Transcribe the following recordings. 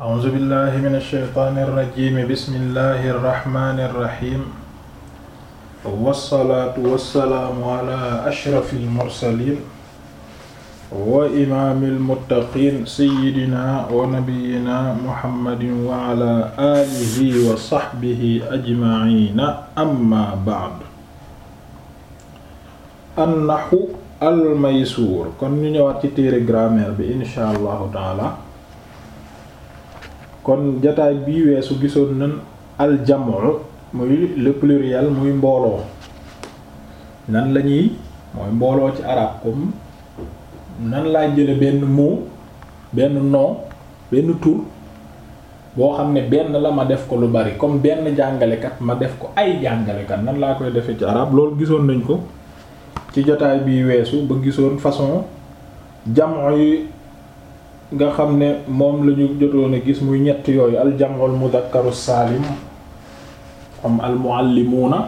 أعوذ بالله من الشيطان الرجيم بسم الله الرحمن الرحيم والصلاة والسلام على أشرف المرسلين وإمام المتقين سيدنا ونبينا محمد وعلى آله وصحبه أجمعين أما بعد النحو الميسور kon ñu ñëwaat ci téere grammaire bi incha allahu taala kon jataay bii weesu gisoon nan aljamu muy le pluriel muy mbooloo nan la ñuy mooy mbooloo ci arab comme nan laa jële benn mu benn noo benn tur boo xam ne benn la ma def ko lu bari comme benn jàngalekat ma def ko ay jàngalekat nan laa koy defee ci arab loolu gisoon nañ ko ci jotaay bi weesu ba gisoon façon jamoo yi nga xam ne moom la ñu jotoon a gis muy ñett yooyu aljamul mudakkaru saalim am almuallimuuna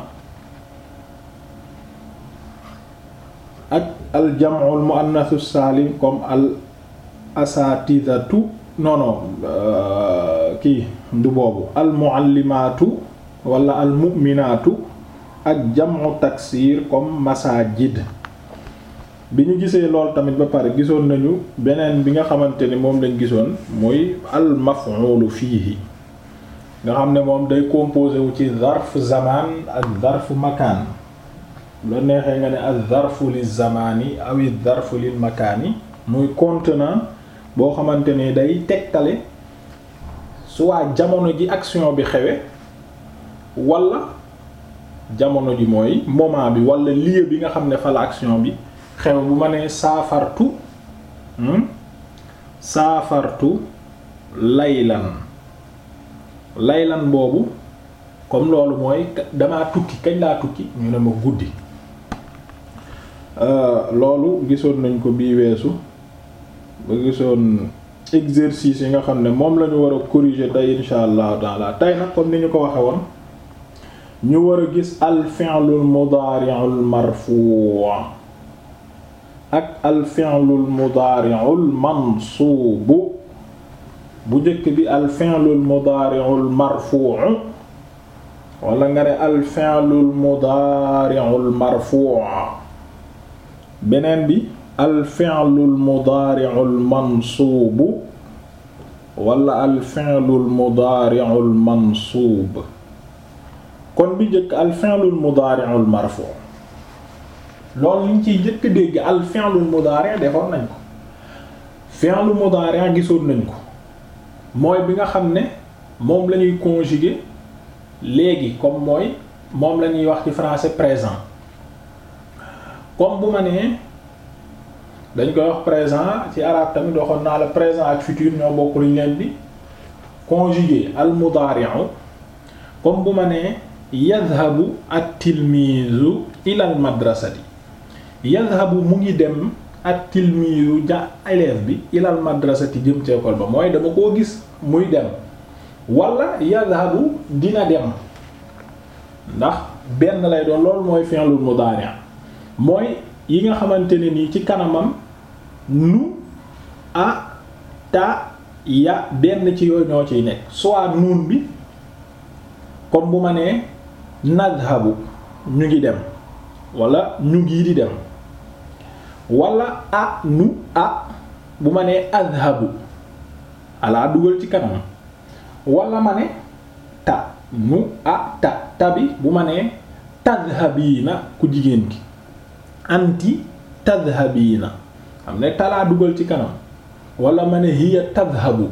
ak aljamul muannasu saalim comme al asatidatu non euh, kii ndu boobu almuallimaatu wala almuminaatu ak jamu taksiir comme masajid bi ñu gisee lool tamit ba pare gisoon nañu beneen bi nga xamante ni moom lañ gisoon muy al maf'ul fiihi nga xam ne moom day composé wu ci zarf zamaan ak zarf makaan la neexee nga ne ak zarfu li zamaani awi zarfu lil makaani muy contenant boo xamante ni day tegtale soit jamono ji action bi xewee wala jamono ji mooy moment bi wala lieu bi nga xam ne fa action bi xew bu ma nee saafartu hmm? saafartu laylan laylan boobu comme loolu mooy damaa tukki kañ laa tukki ñu ne ma guddi euh, loolu gisoon nañ ko bii weesu ba gisoon exercice yi nga xam ne moom la ñu war a corriger tey insha allahu taala tey na comme ni ñu ko waxe woon ñu war a gis al fi'lul mudari'ul marfu' ak al fi'lul mudaari'ul mansuubu bu njëkk bi al fi'lul mudaari'ul marfuu'u wala nga ne al fi'lul mudaari'ul marfuu'u beneen bi al fi'lul mudaari'ul mansuubu wala al fi'lul mudaari'ul mansuub kon bi njëkk al fi'lul mudaari'ul marfuu'u loolu liñ ci njëkk dégg al fi'lul mudari' defoon nañ ko fi'lul mudari' gisoon nañ ko mooy bi nga xam ne moom la ñuy conjuguer léegi comme mooy moom la ñuy wax ci français présent comme bu ma nee dañ koy wax présent ci arabe tamit waxoon naa la présent ak futur ñoo bokk luñ leen di conjuguer al mudari'u comme bu ma nee yadhabu at-tilmizu ila al madrasati yadhabu mu ngi dem ak tilmiyu ja élève bi ilal madrasati jëm ci ba mooy dama koo gis muy dem wala yadhabu dina dem ndax benn lay doon loolu mooy fi'lul mudari' mooy yi nga xamante ne nii ci kanamam nu a ta ya benn ci yooyu ñoo ciy nekk soit nuun bi comme bu ma nee nadhabu ñu ngi dem wala ñu ngi di dem wala a nu a bu ma nee adhabu alaa dugal ci kanam walla ma ne ta nu a ta tabi bu ma nee na ku jigéen ki anti na am ne talaa dugal ci kanam wala ma ne hiya tadhabu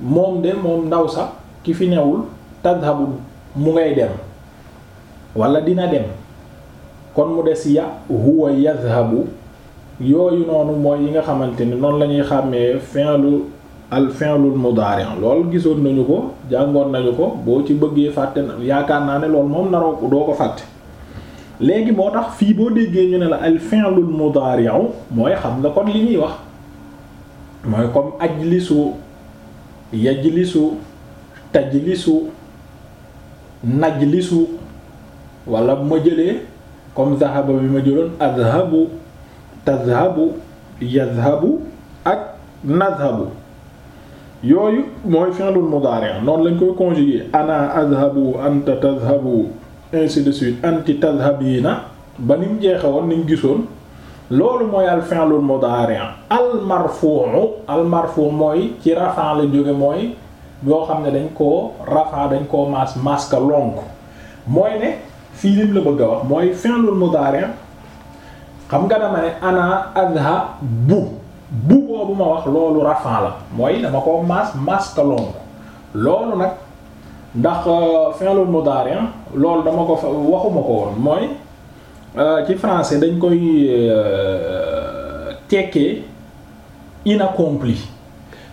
moom de moom ndaw sax ki fi newul tadhabu mu ngay dem wala dina dem kon mu des ya huwa yadhabu yooyu noonu mooy yi nga xamante ni noonu lañuy ñuy xàmmee fi'lu al fi'lul mudari' lool gisoon nañu ko jàngoon nañu ko boo ci bëggee fàtte yaakaar naa ne loolu moom naroo doo ko fàtte léegi moo tax fii boo déggee ñu ne la al fi'lul mudari'u mooy xam nga kon li ñuy wax mooy comme ajlisu yajlisu tajlisu najlisu wala bu ma jëlee comme zahaba bi ma jëloon adhabu tadhabu yadhabu ak nadhabu yooyu mooy fi'lul mudari' noonu lañ koy conjuguer ana adhabu anta tadhabu ainsi de suite anti tadhabina ba niñ jeexe woon niñ gisoon loolu mooy al fi'lul mudari' al marfu'u mooy ci rafa la jóge mooy yoo xam ne dañ koo rafa dañ koo mas maska lonk mooy ne fii la bëgg wax mooy fi'lul mudari' xam nga dama ne ana adha bu bu boobu ma wax loolu rafan la mooy dama ko maas maas ka loolu nag ndax euh, fi'lul mudari loolu dama ko fa waxuma ko woon mooy euh, ci français dañ koy euh, tekkee inaccompli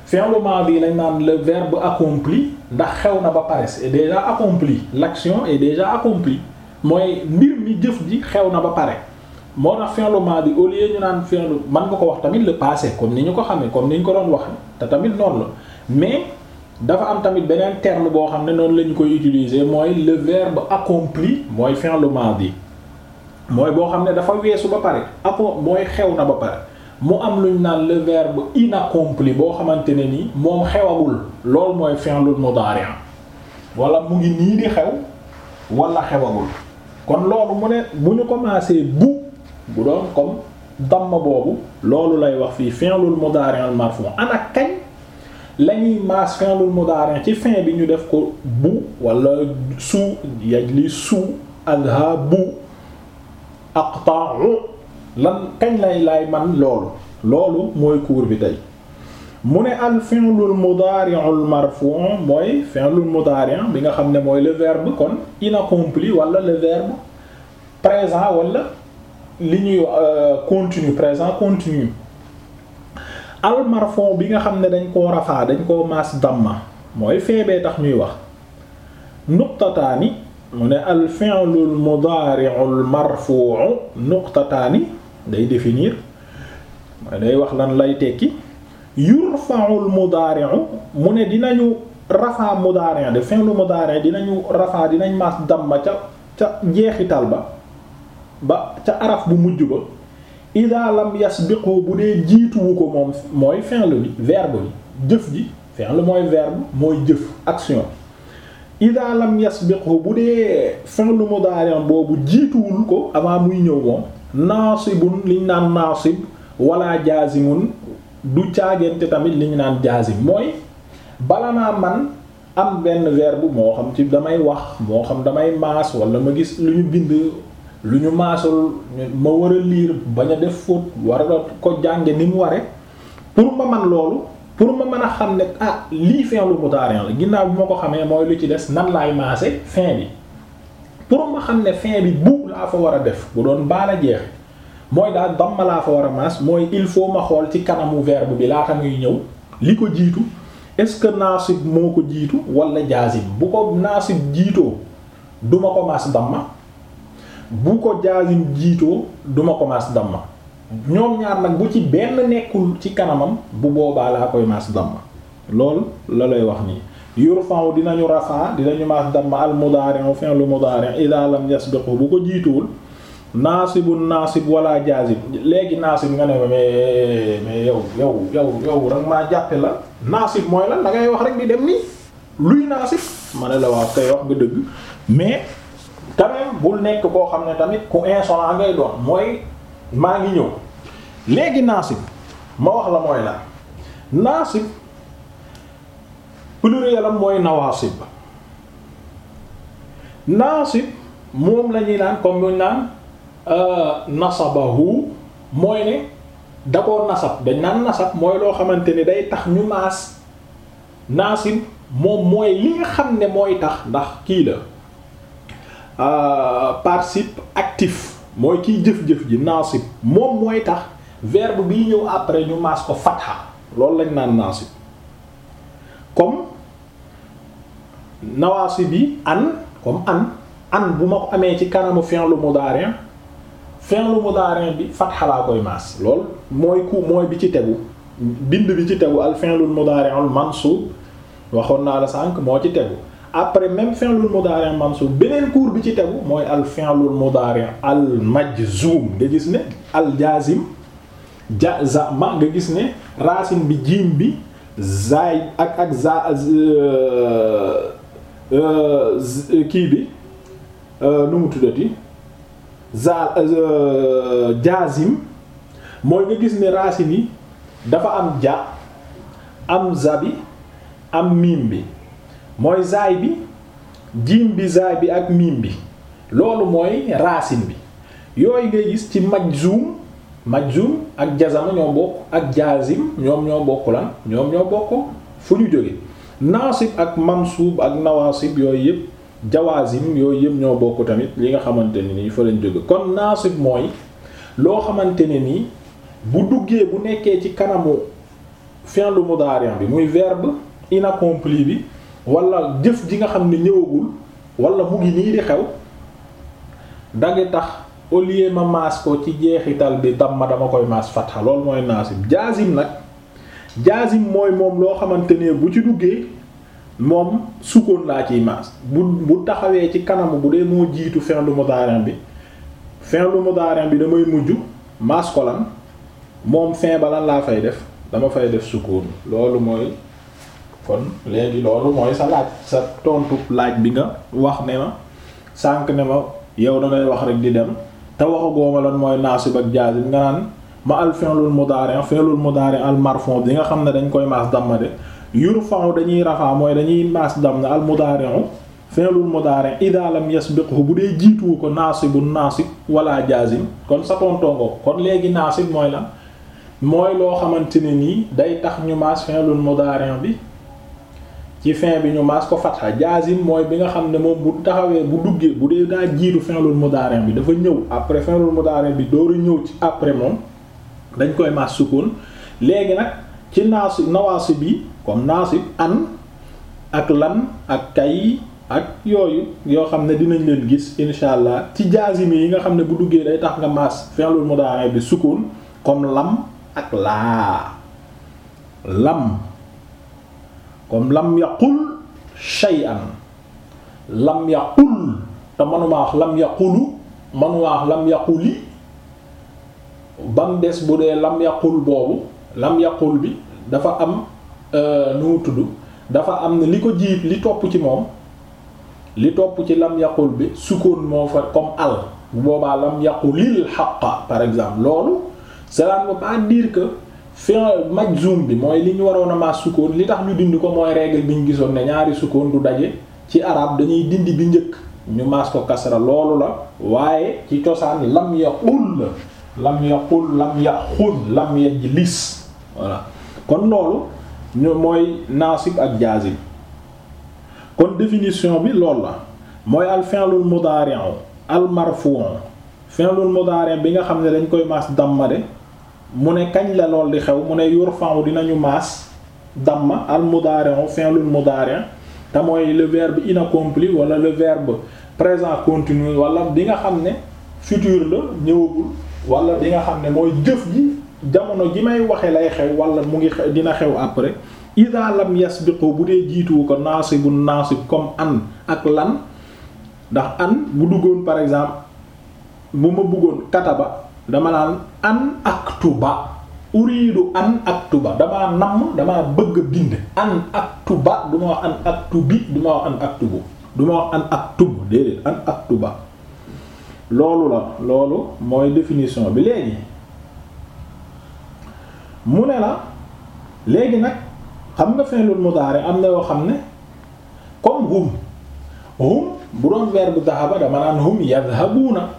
fi'lul madi lañ naan le verbe accompli ndax xew na ba pare c'est déjà accompli l'action est déjà accomplie mooy mbir mi jëf ji xew na ba pare moo tax fi'lu maadi au lieu ñu naan fi'lu man nga ko wax tamit le passé comme ni ñu ko xamee comme ni ñu ko doon wax te tamit noonu la mais dafa am tamit beneen terme boo xam ne noonu la ñu koy utiliser mooy le verbe accompli mooy fi'lu maadi mooy boo xam ne dafa weesu ba pare ako mooy xew na ba pare mu am lu luñ naan le verbe inaccompli boo xamante ne nii moom xewagul lool mooy fi'lul mudari' wala mu ngi nii di xew wala xewagul bu doon comme damma boobu loolu lay wax fii fi'lul lu al marfu' ana kañ la ñuy maas fi'lul mudari' ci fin bi ñu def ko bu wala su yajlisu adhabu aqta'u lan kañ lay lay man loolu loolu mooy cours bi tey mu ne al fi'lul mudari'ul marfu' mooy lu mudari' bi nga xam ne mooy le verbe kon inaccompli wala le verbe présent wala li ñuy euh, continu présent continu al marfon bi nga xam ne dañ koo rafaa dañ koo maas damma mooy feebee tax ñuy wax nuqtataani mu ne al fi'lu al mudaari'u day définir mooy day wax lan lay tekki yurfa'u al mu ne dinañu rafaa mudaari' de fi'lu mudaari' dinañu rafaa dinañ maas damma ca ca njeexital ba ba ca araf bu mujj ba ida lam yasbiqu bu dee jiituwu ko moom mooy fin la bi bi jëf ji fin mooy verbe mooy jëf action ida lam yasbiqu bu dee fin lu mudaari'am boobu jiituwul ko avant muy ñëw moom naasibun liñ naan naasib wala jaasimun du caagante tamit liñ naan jaasim mooy bala naa man am benn verbe moo xam ci damay wax moo xam damay maas wala ma gis lu ñu bind lu ñu maasul ma war a liir bañ a def fóot war a ko jànge ni mu ware pour ma man loolu pour ma mën a xam ne ah lii fin lu mutaarian la ginnaaw bi ma ko xamee mooy lu ci des nan laay maase fin bi pour ma xam ne fin bi bu laa fa war a def bu doon baala jeex mooy daal ma laa fa war a maas mooy il faut ma xool ci kanamu verbe bi laata muy ñëw li ko jiitu est-ce que naasib moo ko jiitu wala jaazim bu ko naasib jiitoo duma ko maas damma bu ko jaasim jiitoo duma ko maas damma ñoom ñaar nag bu ci benn nekkul ci kanamam bu boobaa laa koy maas damma loolu la lay wax nii yurfa'u dinañu rafa dinañu maas damma al mudari'u fi'lu mudari' idha lam yasbiqu bu ko jiituwul naasibun naasib wala jaazim léegi naasib nga ne ma mais mais yow yow yow yow rek maa jàppe la naasib mooy lan dangay wax rek di dem nii luy naasib ma ne la waaw koy wax nga dëgg mais quand même bul nekk koo xam ne tamit ku insolent ngay doon mooy maa ngi ñëw léegi naasib ma wax la mooy la naasib pluriel am mooy nawaasib naasib moom lañuy ñuy naan comme naan euh, nasabahu mooy ne da dañ naan nasab mooy loo xamante ni day tax ñu naas naasib moom mooy li nga xam ne mooy tax ndax kii la Euh, participe actif mooy kiy jëf-jëf ji naasib moom mooy tax verb bi ñëw après ñu maas ko fatha loolu lañ naan naasib comme nawaasi bi an comme an an bu ma ko amee ci kanamu fi'lu mudari' fi'lu mudari' bi fatha laa koy maas lool mooy ku mooy bi ci tegu bind bi ci tegu al fi'lu mudari' al mansub waxoon naa la sànq moo ci tegu après même fi'lul mudari' mansub beneen cours bi ci tegu mooy al fi'lul mudari' al majzum nga gis ne al jazim jazama nga gis ne rasin bi jiim bi zaay ak ak za euh, euh, kii bi euh, nu mu tuddati za jazim mooy nga gis ne rasin yi dafa am ja am zabi am miim bi mooy zaay bi jiim bi zaay bi ak miim bi loolu mooy racine bi yooyu ngay gis ci majzum majzum ak jazama ñoo bokk ak jazim ñoom ñoo bokk lan ñoom ñoo bokk fu ñu jóge naasib ak mansuub ak nawaasib yooyu yëpp jawaazim yooyu yëpp ñoo bokk tamit li nga xamante ne nii fa lañ jóge kon naasib mooy loo xamante ne nii bu duggee bu nekkee ci kanamu fi'lu mudari' bi muy verbe inaccompli bi walla jëf ji nga xam ne ñëwagul walla mu ngi nii di xew dangi tax au maas ko ci jeexital bi dam ma dama koy maas fatxa loolu mooy naasib jaazim nag jaazim mooy moom loo xamante ne bu ci duggee moom sukkoon laa ciy maas bu bu taxawee ci kanamu bu dee moo jiitu fi'lu mudari bi fi'lu daarin bi damay mujj maas ko moom fin balan laa fay def dama fay def sukkoon loolu mooy kon léegi loolu mooy sa laaj sa tontu laaj bi nga wax ne ma sànq ne ma yow da wax rek di dem te waxagoo ma lan mooy naasib ak jaazim nga naan ma al fi'lul mudari' fi'lul mudari' al marfu' bi nga xam ne dañ koy maas damma de yurfa'u dañuy rafaa mooy dañuy maas damma al mudari'u fi'lul mudari' idha lam yasbiqhu bu dee jiituwu ko naasibun naasib wala jaazim kon sa tontongo kon léegi naasib mooy la mooy loo xamante ne nii day tax ñu maas fi'lul mudari' bi ci fin bi ñu mas ko fatha jaazim mooy bi nga xam ne moom bu taxawee bu duggee bu dee daa jiitu fi'lul mudari' bi dafa ñëw après fi'lul mudari' bi dooru ñëw ci après moom dañ koy maas sukkoon léegi nag ci naasu nawaasib yi comme naasib an ak lan ak kay ak yooyu yoo xam ne dinañ leen gis incha allah ci jaazim yi nga xam ne bu duggee day tax nga mas fi'lul mudari' bi sukkoon comme lam ak laa lam comme lam yaqul shay'an lam yaqul te manuma wax lam manuma wax lam bam des bu dee lam boobu lam bi dafa am euh, nu mu tudd dafa am ne li ko jiib li topp ci moom li topp ci lam bi sukkoon moo fa comme al boobaa lam yaqulil xaqa par exemple loolu cela ne veut pas dire fi majzum bi mooy li ñu waroon a maas sukkoon li tax ñu dindi ko mooy règle bi ñu gisoon ne ñaari sukkoon du daje ci arab dañuy dindi bi njëkk ñu maas ko kasra loolu la waaye ci cosaan lam yaqul lam yaqul lam yaxun lam yajlis voilà kon loolu ñu mooy naasib ak jaazim kon définition bi loolu la mooy al fi'lul mudari'u al marfu'u fi'lul mudari' bi nga xam ne dañ koy maas dammade mu ne kañ la lool di xew mu ne yurfa'u dinañu maas damma al mudari'u fi'lul mudari' te mooy le verbe inaccompli wala le verbe présent continu walla bi nga xam ne futur la ñëwagul wala bi nga xam ne mooy jëf ji jamono ji may waxe lay xew wala mu ngi dina xew après ida lam yasbiqu bu dee jiituwu ko naasibu naasib comme an ak lan ndax an bu duggoon par exemple bu ma bëggoon kataba dama naan an aktuba uridu an aktuba damaa namm damaa bëgg a bind an aktuba du wax an aktubi du ma wax an aktubu du ma wax an aktubu déedéet an aktuba loolu la loolu mooy définition bi léegi mu ne la léegi nag xam nga fi'lul mudari am na yoo xam ne comme hum hum bu doon verbe dhahaba dama naan hum yadhhabuna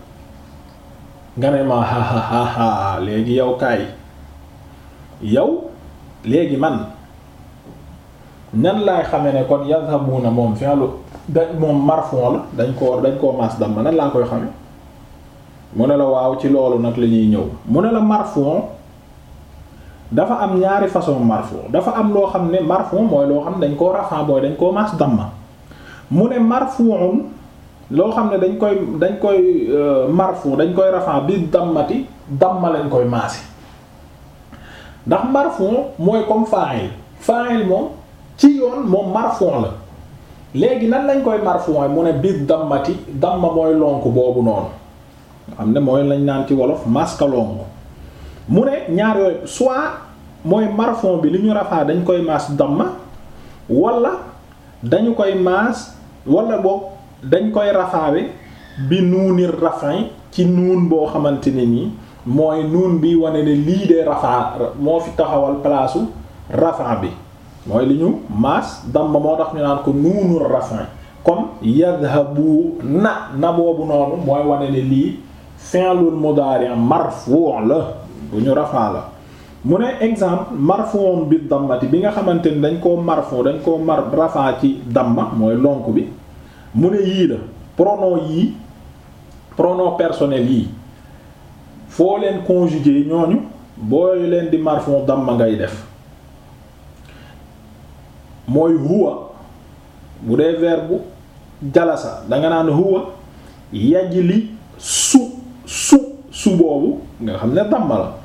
nga ne ma hahahaha léegi yow kaay yow léegi man nan laay xame ne kon yadhabuna moom fi'lu da moom marfon la dañ koo dañ koo mas dam ma nan laa koy xame mu ne la waaw ci loolu nag la ñuy ñëw mu ne la marfon dafa am ñaari façon marfon dafa am loo xam ne marfon mooy loo xam ne dañ koo rafan mooy dañ koo mas damma mu ne marfuun loo xam ne dañ koy dañ koy euh, marfu dañ koy rafan bi dammati damma lañ koy maase ndax marfu mooy comme fa'il fa'il moom ci yoon moom marfon la léegi nan lañ koy marfu mu ne biir dammati damma mooy lonk boobu noonu xam ne mooy lañ naan ci wolof maska lonk mu ne ñaar yooyu soit mooy marfon bi li ñu rafaa dañ koy maas damma wala dañu koy maas wala boog dañ koy rafaawe bi nuunir rafin ci nuun boo xamante ne nii mooy nuun bi wane ne lii de rafaa moo fi taxawal place u bi mooy li ñu maas damma moo tax ñu naan ko nuunul rafin comme yadhabu na na boobu noonu mooy wane ne lii fi'lul mudari marfu' la bu ñu rafaa la mu ne exemple marfu'un bi dammati bi nga xamante ni dañ koo marfu dañ koo mar rafaa ci damma mooy lonk bi mu ne yii la prono yii prono personnel yii foo leen conjuguer ñooñu booy leen di marfon damma ngay def mooy huwa bu dee verbe jalasa danga naan huwa yajli su su su boobu nga xam ne damma la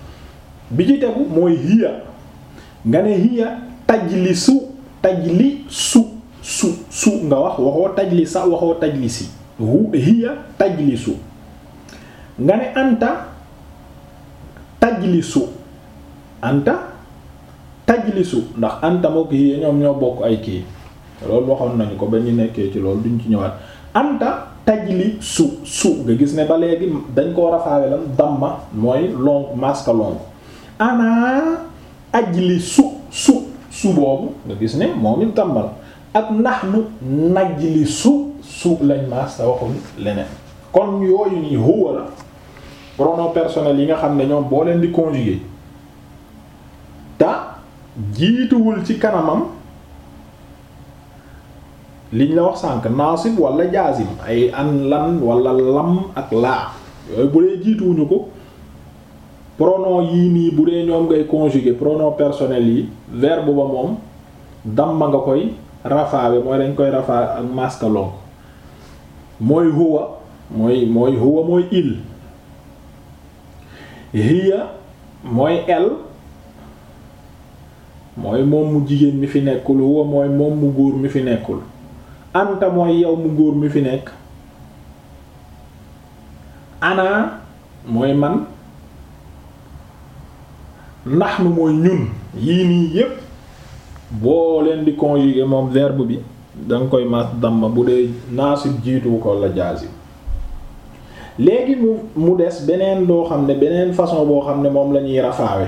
bi ci tegu mooy hiya nga ne hiya tajlisu tajlisu su su nga wax waxoo tajlisa waxoo tajlisi hu hiya tajlisu nga ne anta tajlisu anta tajlisu ndax anta moo ko hiya ñoom ñoo bokk ay kii loolu waxoon nañu ko ba ñu nekkee ci loolu duñ ci ñëwaat anta tajli su su nga gis ne ba léegi dañ koo rafaawe lan damma mooy long maska long ana ajli su su su boobu nga gis ne moo it damma at ak nahnu najlisu su lañ maas da waxul leneen kon yooyu nii huwa la pronom personnel yi nga xam ne ñoom boo leen di conjuguer te jiituwul ci kanamam liñ la wax sànk naasib wala jaazim ay an lan wala lam ak laa yooyu bu dee jiituwuñu ko pronom yi nii bu dee ñoom ngay conjuguer pronom personnel yi verbe ba moom damma nga koy rafaa bi mooy dañ koy rafaa ak maskalon mooy huwa mooy mooy huwa mooy il hiya mooy el mooy moom mu jigéen mi fi nekkul huwa mooy moom mu góor mi fi nekkul anta mooy yow mu góor mi fi nekk anaa mooy man naxnu mooy ñun yii nii yépp boo leen di conjuguer moom verbe bi da nga koy mas damma bu dee naasib jiitu ko la jaazim léegi mu mu des beneen doo xam ne beneen façon boo xam ne moom la ñuy rafaawe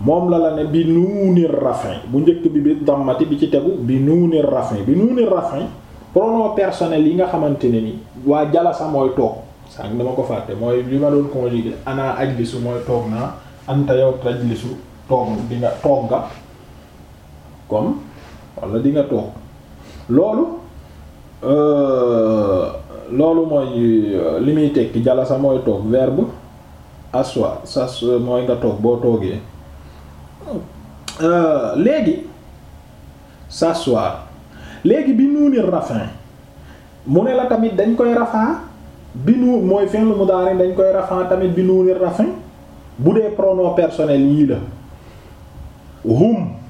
moom la la ne bi nuuni rafin bu njëkk bi bi dammati bi ci tegu bi nuuni rafin bi nuuni rafin pronom personnel yi nga xamante ne ni waa jalasa mooy toog sànq dama ko fàtte mooy li ma doon conjuguer ana ajlisu mooy toog naa anta yow tajlisu toog di toog nga comme wala di nga toog loolu euh, loolu mooy euh, li muy tekki jalasa mooy toog verbe aswa sas mooy nga toog boo toogee euh, léegi sa s'asseoir léegi bi nuuni rafin mu ne la tamit dañ koy rafaa bi nu mooy fi'l mudari dañ koy rafaa tamit bi nuuni rafin bu dee pronom personnel yii la hum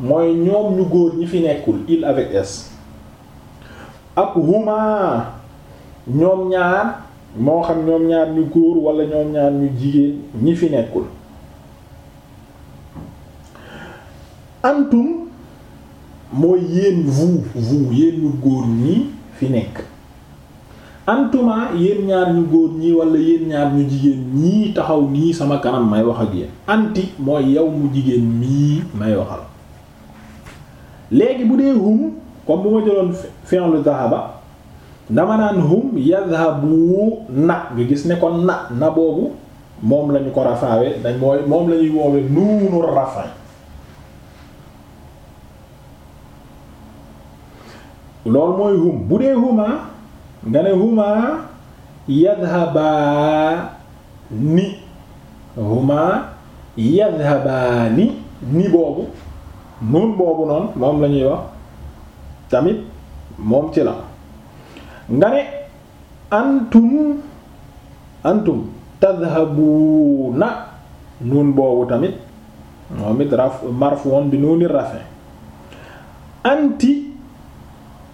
mooy ñoom ñu góor ñi fi nekkul il avec s ak huma ñoom ñaar moo xam ñoom ñaar ñu góor wala ñoom ñaar ñu jigéen ñi fi nekkul antum mooy góor ñi fi nekk antuma yéen ñaar ñu góor ñi wala yéen ñaar ñu jigéen ñii taxaw nii sama kanam may wax ak yéen anti mooy yow mu jigéen mii may waxal léegi bu dee hum comme bu ma jëloon fi'lu dhahaba dama naan hum yadhabu na nga gis ne kon na na boobu moom lañu ko rafaawe dañ mooy moom lañuy woowe nuunu rafa loolu mooy hum bu dee huma nga ne huma yadhabaa ni huma yadhabaa ni ni boobu nuun boobu noonu moom la wax tamit moom ci la nga ne antum antum tadhabuuna nuun boobu tamit moom it raf marfuun bi nuuni rafe anti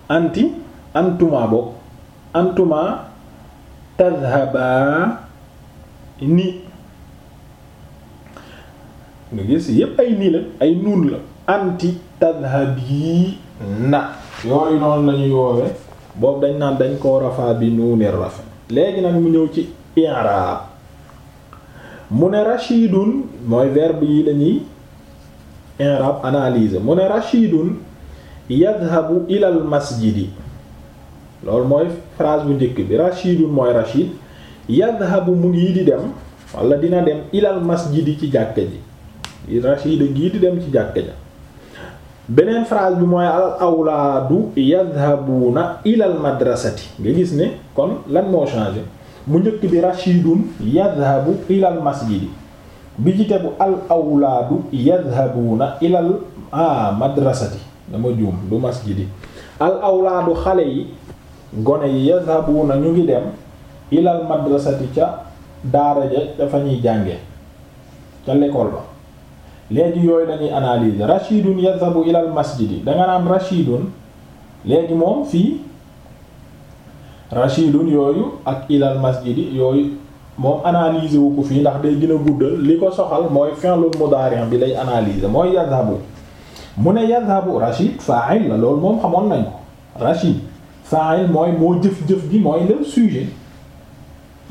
anti antuma boobu antuma tadhabaa ni nga gis yépp ay nii la ay nuun la anti tadhabi na yooyu noonu la ñuy woowe boobu dañ naan dañ koo rafaa bi nuunir rafa léegi nag mu ñëw ci i'rab mu ne rashidun mooy verbe yi la ñuy i'rab analyse mu ne rashidun yadhabu ilal masjidi loolu mooy phrase bu njëkk bi rashidun mooy rashid yadhabu mu ngi di dem wala dina dem ilal masjidi ci jàkka ji rashida ngii di dem ci jàkka ja beneen phrase bi mooy al awlaadu yadhabuuna ilal madrasati nga gis ne kon lan moo changé mu njëkk bi rashidun yadhabu ilal masjidi bi ci tegu al awlaadu yadhabuuna ilal ah madrasati dama juum du masjidi al awlaadu xale yi gone yi yadhabuuna ñu ngi dem ilal madrasati ca daara ja dafa ñuy jànge ca l'école ba léegi yooyu dañuy lañuy analyser rachidun yadhabu ilal masjidi danga naan rachidun léegi moom fii rachidun yooyu ak ilal masjidi yooyu moom analyser wu fii ndax day gën a li ko soxal mooy fi'lul mudari' bi lay analyser mooy yadhabu mu ne yadhabu rachid fa'il la loolu moom xamoon nañ ko rachid fa'il mooy moo jëf-jëf gi mooy le sujet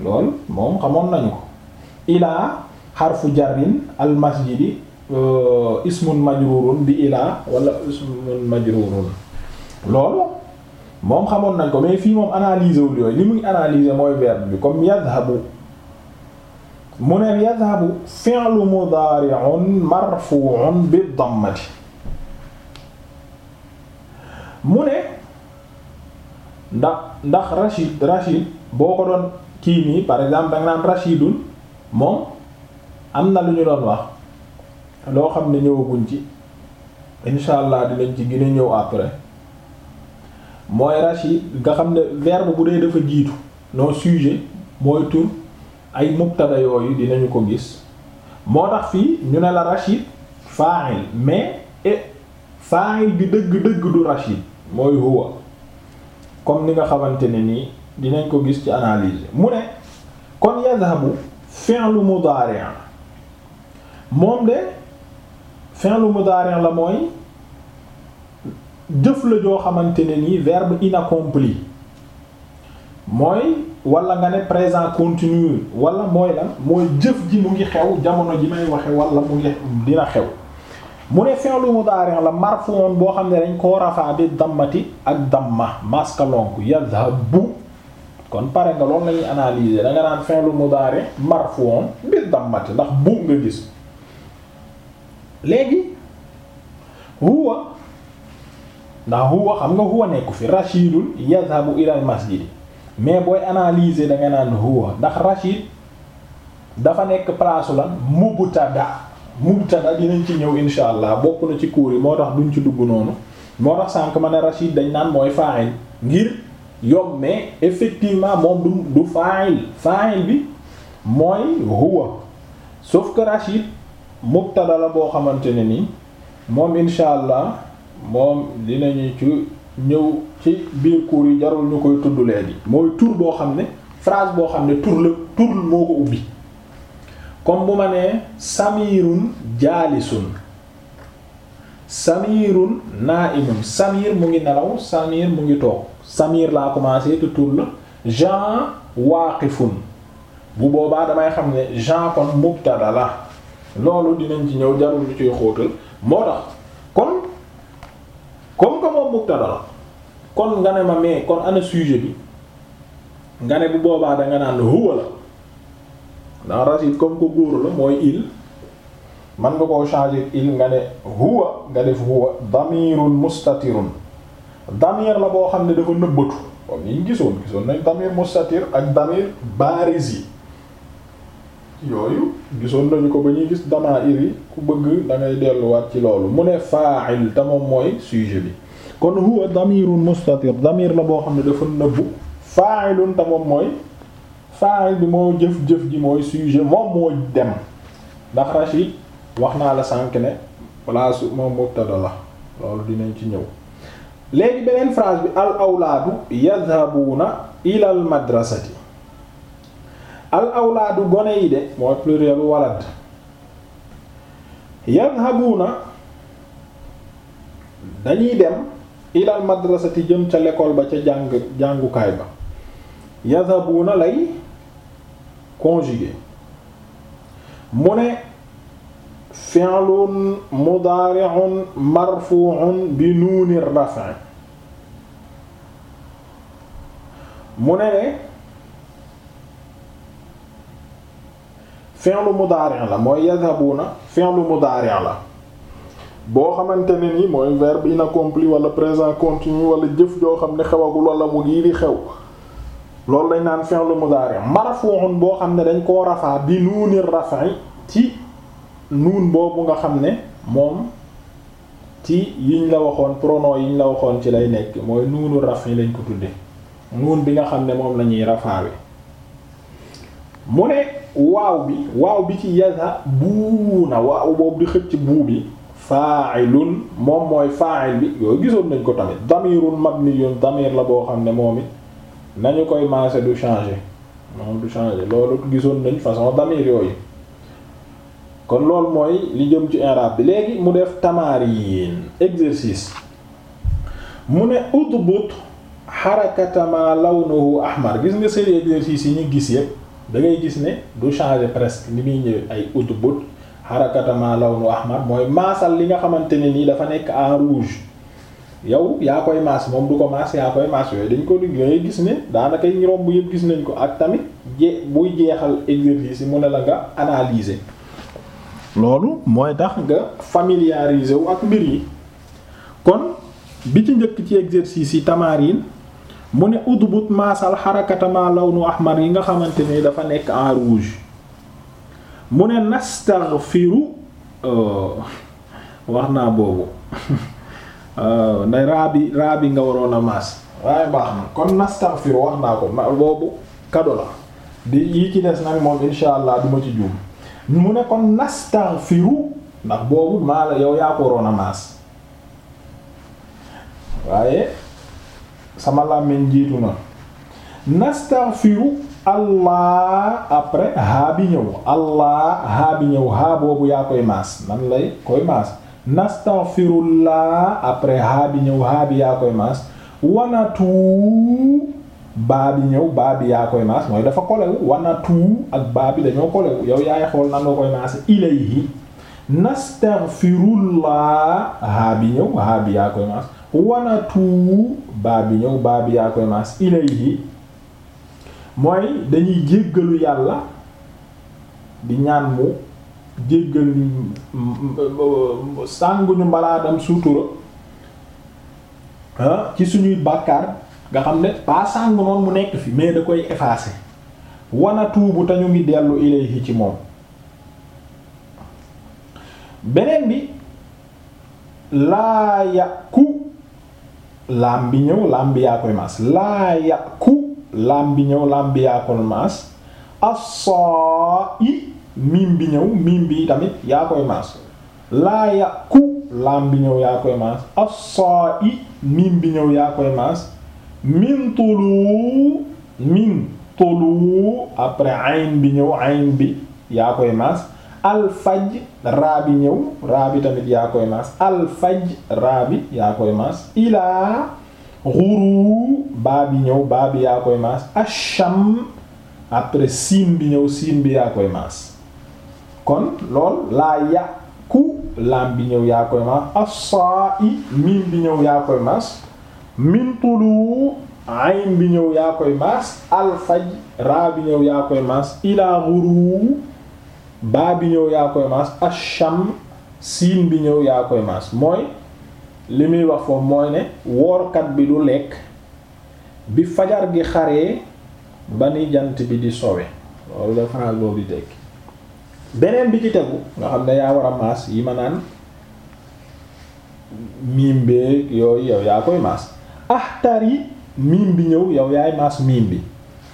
loolu moom xamoon nañu ko ilaa xarfu jarin al masjidi Euh, ismun majrurun bi ilaa wala ismun majrurun loolu moom xamoon nañ ko mais fii moom analyser wul yooyu li muy analyser mooy verbe bi comme yadhabu mu ne yadhabu fi'lu mudari'un marfu'un mu ne ndax ndax Rashid Rashid boo ko doon kii nii par exemple da nga naan Rashidun moom am na lu ñu doon wax loo xam ne ñëwaguñ ci incha allah dinañ ci gën a ñëw après mooy rashid nga xam ne verbe bu dee dafa jiitu non sujet mooy tur ay mubtada yooyu dinañu ko gis moo tax fii ñu ne la rashid fa'il mais et fa'il bi dëgg-dëgg du rashid mooy huwa comme ni nga xamante ne nii dinañ ko gis ci analyse mu ne kon yadhabu fi'lu mudari' moom de fi'lu mudari' la mooy jëf la joo xamante ne nii verbe inaccompli mooy wala nga ne présent continu wala mooy lan mooy jëf ji mu ngi xew jamono ji may waxe wala mu ngi dina xew mu ne fi'lu mudari' la marfuun boo xam ne dañ koo rafaa bi dammati ak dama maskalonk yadhabu kon pare nga loolu lañuy analyser da nga naan fi'lu mudari' marfuun bi dammati ndax bu nga gis léegi huwa ndax huwa xam nga huwa nekku fi rashidul yadhabu ilal masjid mais booy analyser da nga naan huwa ndax rashid dafa nekk la place lan mubtada mubtada dinañ ci ñëw insha allah bokk na ci cours yi moo tax duñ ci dugg noonu moo tax sànq ma ne rashid dañ naan mooy fa'il ngir yom mais effectivement moom du du fa'il bi mooy huwa sauf que rashid mubtada la boo xamante ne ni moom incha allah moom dinañu ci ñëw ci biir cours yi jarul ñu koy tudd léegi mooy tur boo xam ne frase boo xam ne tur la tur moo ko ubbi comme bu ma nee samirun jaalisun samirun na'imun samir mu ngi nelaw samir mu ngi toog samir laa commencé te tur la Jean waaqifun bu boobaa damay xam ne Jean kon mubtada loolu dinañ ci ñëw jarul ñu ciy xóotal moo tax kon comme que moom mubtada la kon nga ne ma mais kon ana sujet bi nga ne bu boobaa danga naan huwa la ndax rasid comme ko góor la mooy il man nga koo changer il nga ne huwa nga def huwa damirun mustatirun damir la boo xam ne dafa nëbbatu comme niñ gisoon gisoon nañ damir mustatir ak damir bariz yi yooyu gisoon nañu ko ba ñuy gis damaa iri ku bëgg dangay delluwaat ci loolu mu ne fa'il te moom mooy sujet bi kon huwa damirun mustatir damir la boo xam ne dafa nëbbu fa'ilun te moom mooy fa'il bi moo jëf-jëf ji mooy sujet moom moo dem ndax rashid wax naa la sànq ne place moom mubtada la loolu dinañ ci ñëw léegi beneen phrase bi al awlaadu yadhabuuna ila al madrasati al awlaadu gone yi de mooy pluriel walad yadhabuuna dañuy dem ilal madrasati jëm ca lekkool ba ca jàng jàngukaay ba yadhabuuna lay conjugué mu ne fi'lun mudaari'un marfu'un mu ne ne fi'lu mudaari' la mooy yadhabuuna fi'lu mudaari' la boo xamante ne ni mooy verbe inaccompli wala présent continu wala jëf joo xam ne xewagul walla mu ngi di xew loolu lañ naan fi'lu mudaari' marfu'un boo xam ne dañ koo rafaa bi nuuni raf'i ci nuun boobu nga xam ne moom ci yiñ la waxoon pronom yiñ la waxoon ci lay nekk mooy nuunu raf'i lañ ko tudde nuun bi nga xam ne moom lañuy rafaa wi mu ne waaw bi waaw bi ci yadhabuuna waaw boobu di xëcc buub yi fa'ilun moom mooy fa'il bi yooyu gisoon nañ ko tamit damirun mabniyun damir la boo xam ne moom it nañu koy maase du changer moom du changer loolu gisoon nañ façon damir yooyu kon loolu mooy li jëm ci i'rab bi léegi mu def tamarin exercice mu ne udbut harakata ma lawnuhu ahmar gis nga seen exercice yi ñu gis yépp da ngay gis ne du changer presque ni muy ñëwee ay utubut xarakatama lawnu ahmar mooy maasal li nga xamante ne nii dafa nekk en rouge yow yaa koy maas moom du ko maas yaa koy maas yooyu dañ ko dugg gis ne daanakay ñu romb yëpp gis nañ ko ak tamit je buy jeexal exercice yi mu ne la nga analyser. loolu mooy tax nga familiariser wu ak mbir yi kon bi ci njëkk ci exercice yi tamarin mu ne udbut maasal xarakata ma lawnu ahmar yi nga xamante ni dafa nekk en rouge mu ne nastaghfiru euh, wax naa boobu euh, nday raabi raabi nga waroon a maas waaye baax na kon nastaghfiru wax naa ko boobu kado la di yi ci des nag moom insha allah duma ci juum mu ne kon nastaghfiru ndax boobu maa la yow yaa ko waroon a maas waaye sama làmmiñ jiitu na nastaghfiru allah après haa bi ñëw haa boobu yaa koy maas nan lay koy maas nastaghfirullah après haa bi ñëw haa bi yaa koy maas wanatu baa bi ñëw baa bi yaa koy maas mooy dafa kolewu wanatu ak baa bi dañoo kolewu yow yaay xool nan nga koy maas ilayhi nastaghfirullah haa bi ñëw haa bi yaa koy maas wanatu baa bi ñëw baa bi yaa koy maas ilayhi mooy dañuy jéggalu yàlla di ñaan mu jéggal sànguñu mbalaadam suutura ah, ci suñuy bàkkaar nga xam ne pas sàngu noonu mu nekk fi mais da koy effacer wanatuubu te ñu ngi dellu ilayhi ci moom beneen bi laa yàqu laam bi ñëw laam bi yaa koy maas laa ku laam bi ñëw laam bi yaa koy maas asaa i miim bi ñëw miim bi tamit yaa koy maas laa ku laam bi ñëw yaa koy maas asaa i miim bi ñëw yaa koy maas min tulu min tulu après ayn bi ñëw ayn bi yaa koy maas alfaj raa bi ñëw raa bi tamit yaa koy maas alfaj raa yaa koy maas ilaa xuru baa ñëw baa bi yaa koy maas asham après siin bi ñëw siin bi yaa koy maas kon lool laa ya laam bi ñëw yaa koy maas asaa i miim bi ñëw yaa koy maas mintulu ayn bi ñëw yaa koy maas alfaj raa ñëw yaa koy maas ilaa xuru baa bi ñëw yaa koy maas asham siin bi ñëw yaa koy maas mooy li muy wax foofu mooy ne woorkat bi du lekk bi fajar gi xare ba ni jant bi di sowe loolu la phrase boobu di beneen bi ci tegu nga xam ne yaa war a maas yi ma naan miim beeg yooyu yow yaa koy maas ahtari miim bi ñëw yow yaay maas miim bi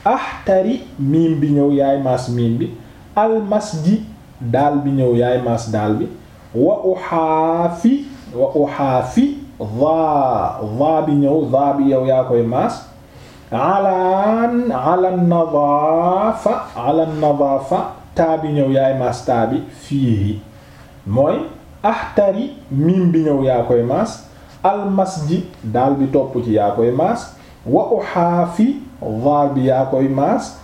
ahtari miim bi ñëw yaay maas miim bi almasji daal bi ñëw yaay mas daal bi wa uxaafi wa uxaafi dhaa dhaa ñëw dhaa bi yow yaa koy maas alaan alan nadaafa alan nadaafa bi ñëw yaay maas taa bi fii mooy axtari miim bi ñëw yaa koy maas almasji daal bi topp ci yaa koy maas wa uxaafi dhaa bi yaa koy maas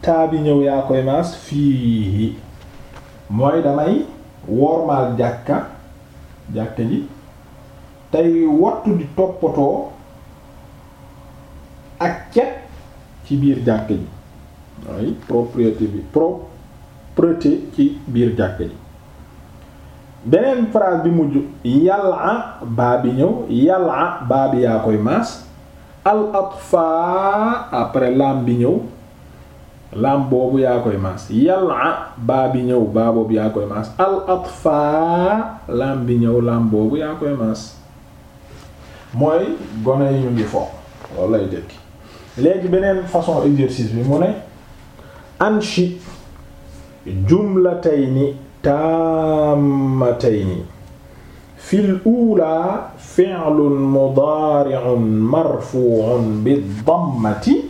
taa bi ñëw yaa koy maas fii mooy damay wormaal jàkka jàkka ji tey wattu di toppatoo ak cet ci biir jàkka ji waaye propriété bi propreté ci biir jàkka ji beneen phrase bi mujj yàlla baa bi ñëw yàlla baa bi yaa koy maas al atfa après lam bi ñëw laam boobu yaa koy maas yàlla baa bi ñëw baa boobu yaa koy maas al atfa laam bi ñëw laam boobu yaa koy maas mooy gone yi ñu ngi fo loolu lay dëkk léegi beneen façon exercice bi mu ne anchi jumlatayni taamatayni fil ula fi'lun mudari'un marfu'un bid dammati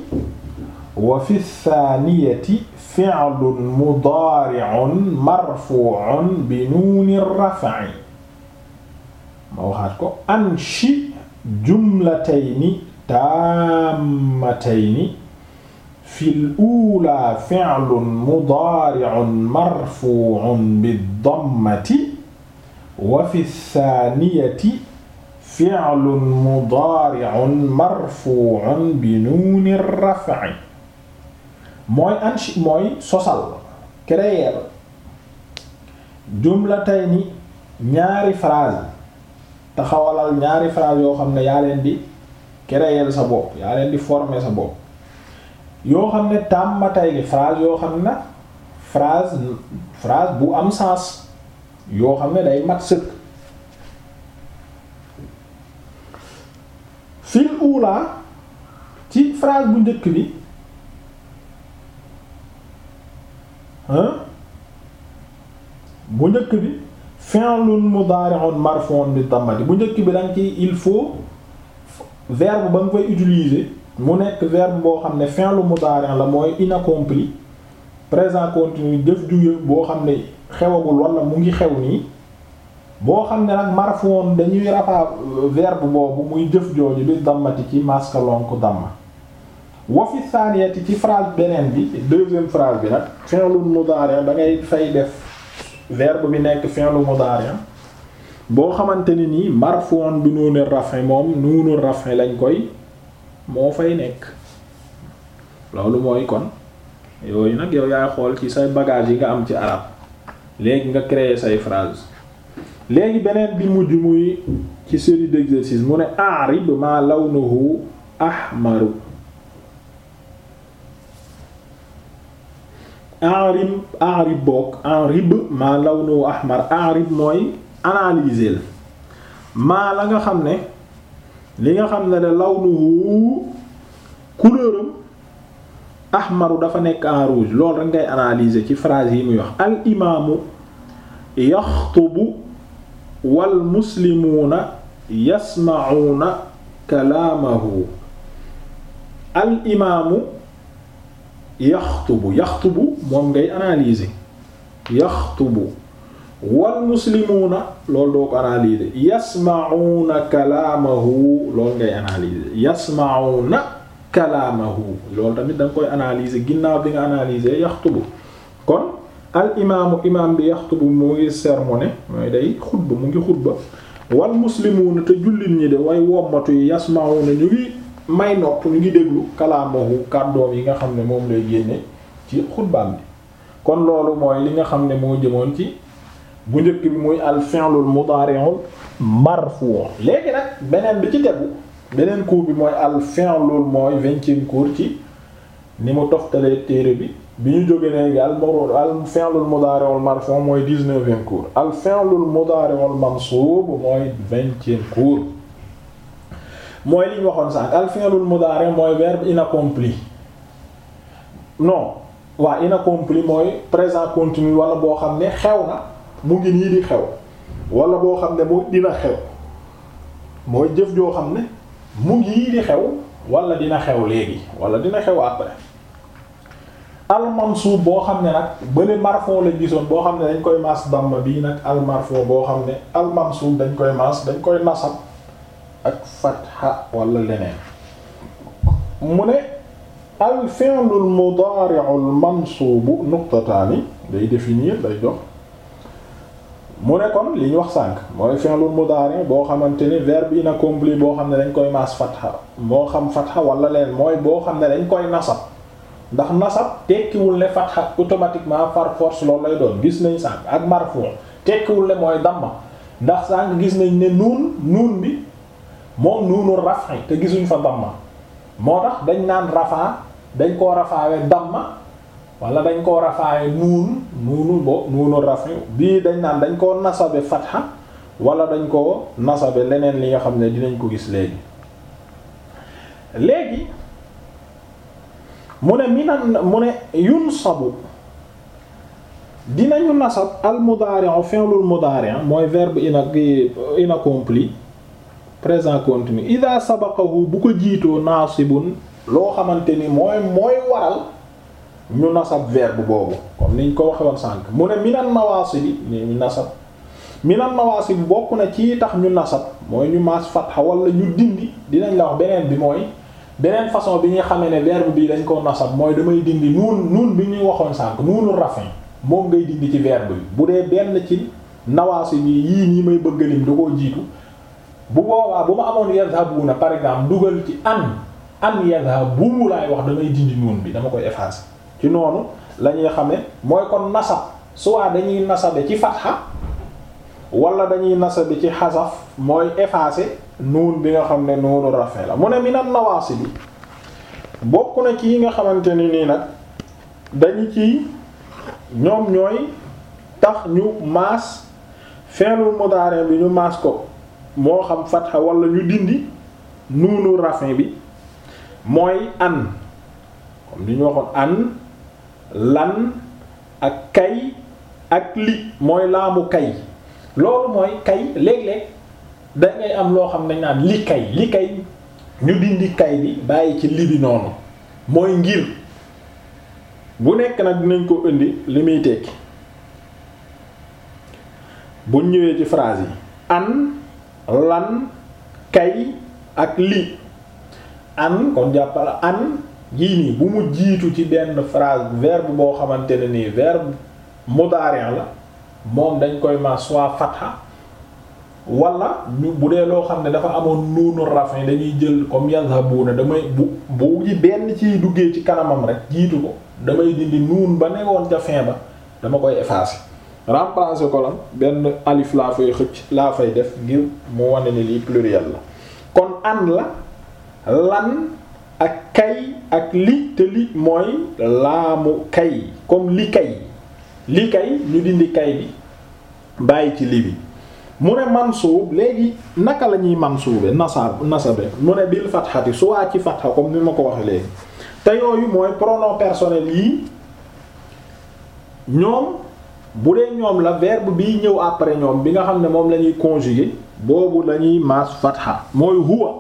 wa fi thaniyati fi'lun mudaari'un marfu'un bi nuuni raf'i ma waxaat ko anshi jumlatayni taammatayni fil uulaa fi'lun mudaari'un marfuu'un bid-dammati wa fi thaaniyati fi'lun mudaari'un marfuu'un bi nuuni raf'i mooy anchi mooy sosal créer jumlatayni ñaari phrase taxawalal ñaari phrase yoo xam ne yaa leen di créer sa bopp yaa leen di former sa bopp yoo xam ne tàmmatayni phrase yoo xam ne phrase bu am sens yoo xam ne day mat sëkk fil ula ci phrase bu njëkk bi bu njëkk bi fi'lun mudari'un marfu'un di damati bu njëkk bi danga ci il faut verbe ba nga koy utiliser mu nekk verbe boo xam ne fi'lu mudari' la mooy inaccompli présent continu jëf juge boo xam ne xewagul wala mu ngi xew nii boo xam ne nag marfuun dañuy rafaa verbe boobu muy jëf jooju bi dammati ci maskalonk damma wa fi yi ci phrase beneen bi deuxième phrase bi nag fi'lun mudari' da ngay fay def verbe bi nekk fi'lun mudari' boo xamante ni nii marfu'un bi nuunu raf'i moom nuunu raf'i lañ koy moo fay nekk loolu mooy kon yooyu nag yow yaay xool ci say bagage yi nga am ci arab léegi nga créer say phrase léegi beneen bi mujj muy ci série d'exercice mu ne a'rib ma law lawnuhu ahmaru enrib enrib boog enrib maa lawnu ahmar enrib mooy analyser la maa la nga xam ne li nga xam ne de lawnu couleuram ahmaru dafa nekk en rouge loolu rek ngay analyser ci phrase yi muy yox al imaamu yaxtubu wal muslimuuna yasma'uuna kalaamahu al imaamu yaxtubu yaxtubu moom ngay analyser yaxtubu wal muslimuuna loolu doo ko analyser yasma'uuna kalaamahu loolu ngay analyser yasma'uuna kalaamahu loolu tamit da koy analyser ginnaaw bi nga analyser yaxtubu kon al imaamu imaam bi yaxtubu mu ngi sermoné mooy day xutba mu ngi xutba wal muslimuuna te jullit ñi de way wommatu yi yasma'uuna ñu ngi may nopp mi ngi déglu kalaamahu kàddoom yi nga xam ne moom lay génne ci xutbaam bi kon loolu mooy li nga xam ne moo jëmoon ci bu njëkk bi muy al fi'lul bi ci tegu beneen cours bi mooy al fi'lul mooy vingtième cours ci ni mu toftalee téere bi bi ñu jógee léegi al mur al fi'lul mudari'ul marfu' mooy dix-neuvième cours al fi'lul mudari'ul mansub mooy vingtième cours mooy li ñu waxoon sànq al fi'lul mudari mooy verbe inaccompli non waa inaccompli mooy présent continu wala boo xam ne xew na mu ngi nii di xew wala boo xam ne mu dina xew mooy jëf joo xam ne mu ngi di xew wala dina xew léegi wala dina xew après almansuub boo xam ne nag bële marfon la gisoon boo xam ne dañ koy mas damma bii nag almarfon boo xam ne almansuub dañ koy mas dañ koy nasab ak fatha wala leneen mu ne al fi'lu al mudaari'u al mansuubu nuqtataani day définir day jox mu ne kon li wax sànq mooy fi'lu mudaari boo xamante ni verbe inaccompli boo xam ne dañ koy maas fatha moo xam fatha wala leen mooy boo xam ne dañ koy nasab ndax nasab tekkiwul ne fatha automatiquement par force loolu lay doon gis nañ sànq ak marfu tekkiwul ne mooy damma ndax sànq gis nañ ne nuun nuun bi moom nuunu rafa te gisuñ fa damma moo tax dañ naan rafaa dañ koo rafaawe damma wala dañ koo rafaawe nuun nuunu bo nuunu rafa bii dañ naan dañ koo nasabe fatha wala dañ koo nasabe leneen li nga xam ne dinañ ko gis léegi léegi mu ne minan mu ne yunsabu dinañu nasab al mudaari' fi'lul mudaari' mooy verbe ina inaccompli présent continu ida sabaqahu bu ko jiitoo naasibun loo xamante ni mooy mooy waral ñu nasab verbe boobu comme niñ ko waxe woon sànk mu ne minan nawaasibi ñu nasab minan bi bokk na ci tax ñu nasab mooy ñu maas fatxa wala ñu dindi dinañ la wax beneen bi mooy beneen façon bi ñuy xamee ne verbe bii dañ koo nasab mooy damay dindi nuun nuun bi ñuy waxoon sànk nuunu rafin moom ngay dindi ci verbe bi bu dee benn ci nawaasib yi yii ñi may bëgg da koo bu boobaa bu ma amoon na par exemple dugal ci an an yazhabu laay wax damay dindi nuun bi dama koy effacer ci noonu la ñuy xamee mooy kon nasab soit dañuy nasabe ci fatha wala dañuy nasabe ci xasaf mooy effacer nuun bi nga xam ne nuunu rafe la mu ne minan nawaasi bi bokk na ci yi nga xamante ni nii nag dañu ci ñoom ñooy tax ñu maas fi'lu mudari bi ñu maas ko moo xam fatxa wala ñu dindi nuunu rafin bi mooy an comme ni waxoon an lan ak kay ak li mooy laamu kay loolu mooy kay léeg-léeg da am loo xam dañ naan li kay li kay ñu dindi kay bi bàyyi ci li noonu mooy ngir bu nekk nag dinañ ko indi li muy tekki buñ ñëwee ci phrase yi lan kay ak li an kon jàppal an yii nii bu mu jiitu ci benn phrase verbe boo xamante ne nii verbe modarian la moom dañ koy ma soit fatha wala ñu bu dee loo xam ne dafa amoon nuunu rafin dañuy jël comme yazhabuna damay bu bu ji benn ci duggee ci kanamam rek jiitu ko damay dindi nuun ba ne woon ca fin ba dama koy effacer remplacer ko lan benn alif laa fay xëcc laa fay def ngir mu wane ne lii pluriel la kon an la lan ak kay ak li te li mooy laamu kay comme li kay li kay ñu dindi kay bi bàyyi ci li bi mu ne mansuub léegi naka la ñuy mansuube nasaab nasabe mu ne bil fatxati suwaa ci fatxa comme ni ma ko waxee léegi te yooyu mooy pronom personnel yi ñoom bu dee ñoom la verbe bi ñëw après ñoom bi nga xam ne moom la ñuy conjuguer boobu la ñuy maas fatha mooy huwa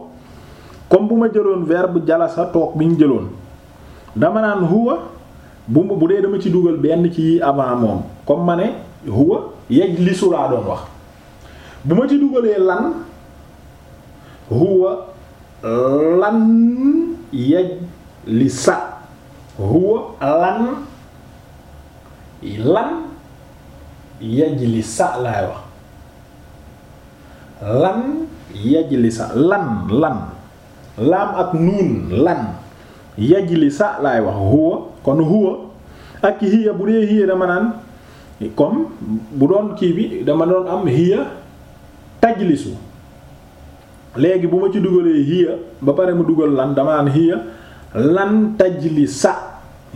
comme bu ma jëloon verbe jalasa toog bi ñu jëloon dama naan huwa bu bu dee dama ci dugal benn ci avant moom comme ma ne huwa li laa doon wax bu ma ci dugalee lan huwa lan yajlisa huwa lan lan yajlisa laay wax lan yajlisa lan lan laam ak nuun lan sa laay wax huwa kon huwa ak hiya bu dee hiya dama naan comme bu doon kii bi dama doon am hiya tajlisu léegi bu ma ci dugalee hiya ba pare mu dugal lan dama naan hiya lan tajlisa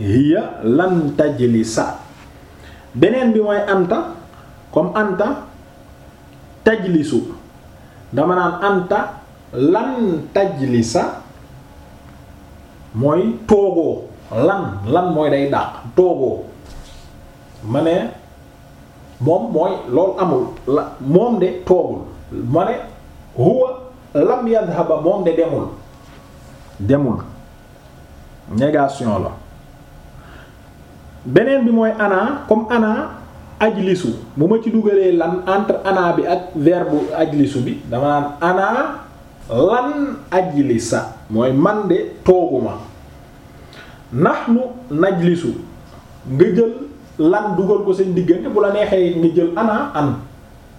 hiya lan tajlisa beneen bi mooy anta comme anta tajlisu dama naan anta lan tajlisa mooy toogoo lan lan mooy day dàq toogoo ma ne moom mooy loolu amul la moom de toogul ma ne huwa lam yadhaba moom de demul demul négation la beneen bi mooy ana comme ana ajlisu bu ma ci dugalee lan entre ana bi ak verbe ajlisu bi dama naan ana lan ajlisa mooy man de tooguma nahnu najlisu nga jël lan dugal ko seen diggante bu la neexee nga jël ana an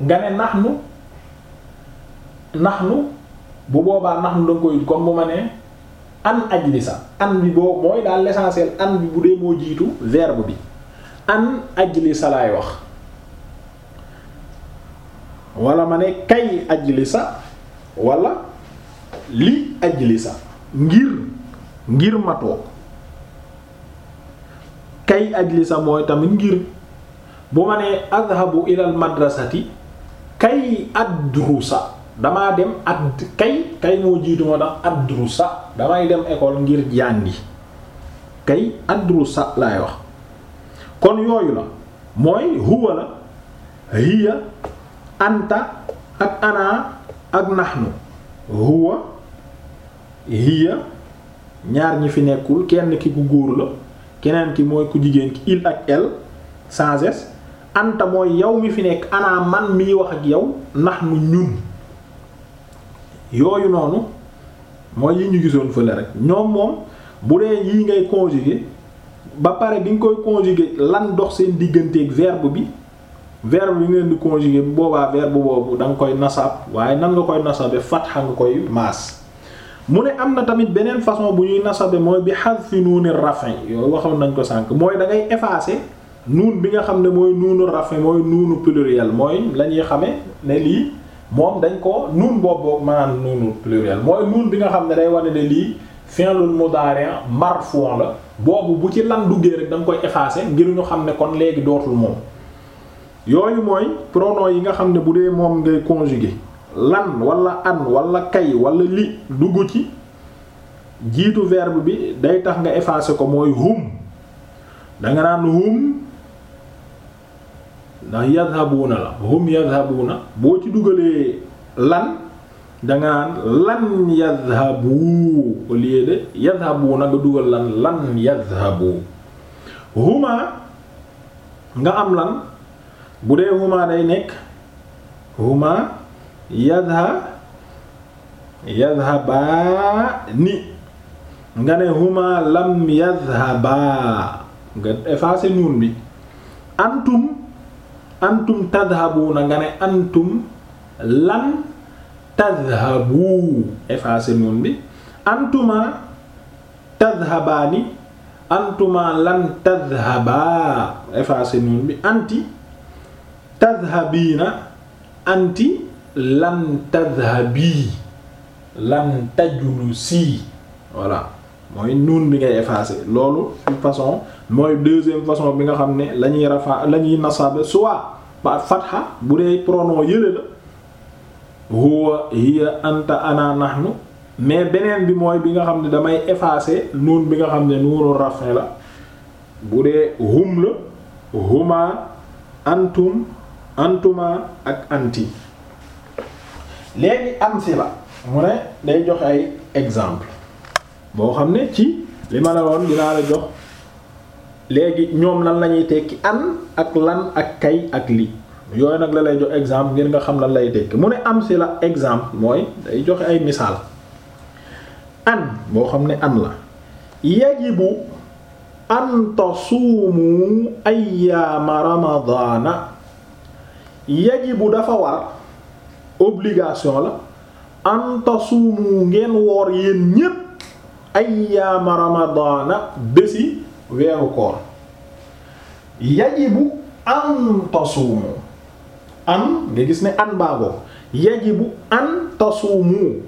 nga ne nax nu bu boobaa nahnu danga koy comme bu ma nee an ajlisa an bi boobu mooy daal l'essentiel an bi bu dee moo jiitu verbe bi an ajlisa laay wax wala ma ne kay ajlisa wala li ajlisa ngir ngir ma kay ajlisa mooy tamit ngir bu ma nee adhabu ilal madrasati kay adrusa damaa dem ad kay kay moo jiitu moo tax adrusa damay dem école ngir jàngi kay adrusa laay wax kon yooyu la mooy huwa la hiya anta ak ana ak nahnu huwa hiya ñaar ñi fi nekkul kenn ki ku góor la keneen ki mooy ku jigéen ki il ak elle sans anta mooy yow mi fi nekk anaa man miy wax ak yow mu ñun yooyu noonu mooy yi ñu gisoon fële rek ñoom moom bu dee yii ngay conjuguer ba pare bi nga koy conjuguer lan dox seen digganteeg verbe bi verbe bi ngeen di conjuguer bu boobaa verbe boobu da nga koy nasab waaye nan nga koy nasabe xa nga koy maas mu ne am na tamit beneen façon bu ñuy nasabe mooy bi hadfi nuuni rafin yooyu waxoon nañ ko sànq mooy da ngay effacer nuun bi nga xam ne mooy nuunu rafin mooy nuunu pluriel mooy la ñuy xamee ne lii moom dañ ko nuun boobu maanaam nuunu pluriel mooy nuun bi nga xam ne day wane ne lii fi'lul mudari' marfu' la boobu bu ci lan duggee rek da koy effacer ngir ñu xam ne kon léegi dootul moom yooyu mooy pronoms yi nga xam ne bu dee moom ngay conjuguer lan wala an wala kay wala li dugg ci jiitu verbe bi day tax nga effacer ko mooy hum danga naan hum ndax yadhabuna la hum yadhabuna boo ci dugalee lan danga naan lan yadhabu au lieu de yadhabu na nga dugal lan lan yadhabu huma nga am lan bu dee huma day nekk huma yadha yadhabaani nga ne huma lam yadhabaa nga effacer nuun bi antum antum tadhabuna nga ne antum lan tadhabu effacé noon bi antuma tadhabaani antuma lan tadhabaa effacé noon bi anti tadhabiina anti lan tadhabi lan tajulusi voilà mooy nuun bi ngay effacer loolu une façon mooy deuxième façon bi nga xam ne la ñuy rafa la soit par fatha bu dee pronom yële la huwa hiya anta ana nahnu mais beneen bi mooy bi nga xam ne damay effacer nuun bi nga xam ne nuunu rafin la bu dee hum la huma antum antuma ak anti léegi am la mu ne day jox ay exemple boo xam ne ci li ma la woon dinaa la jox léegi ñoom lan lañuy tekki an ak lan ak kay ak lii yooyu nag la lay jox exemple ngir nga xam na lay tekk mu ne am si la exemple mooy day joxe ay misaal an boo xam ne an la yajibu an tasuumu ayyaama ramadaana yajibu dafa war obligation la an tasuumu ngeen woor yéen ñépp ayyaama ramadaana bési weeru koor yajibu an an nga gis ne an baagoo yajibu an tasuumu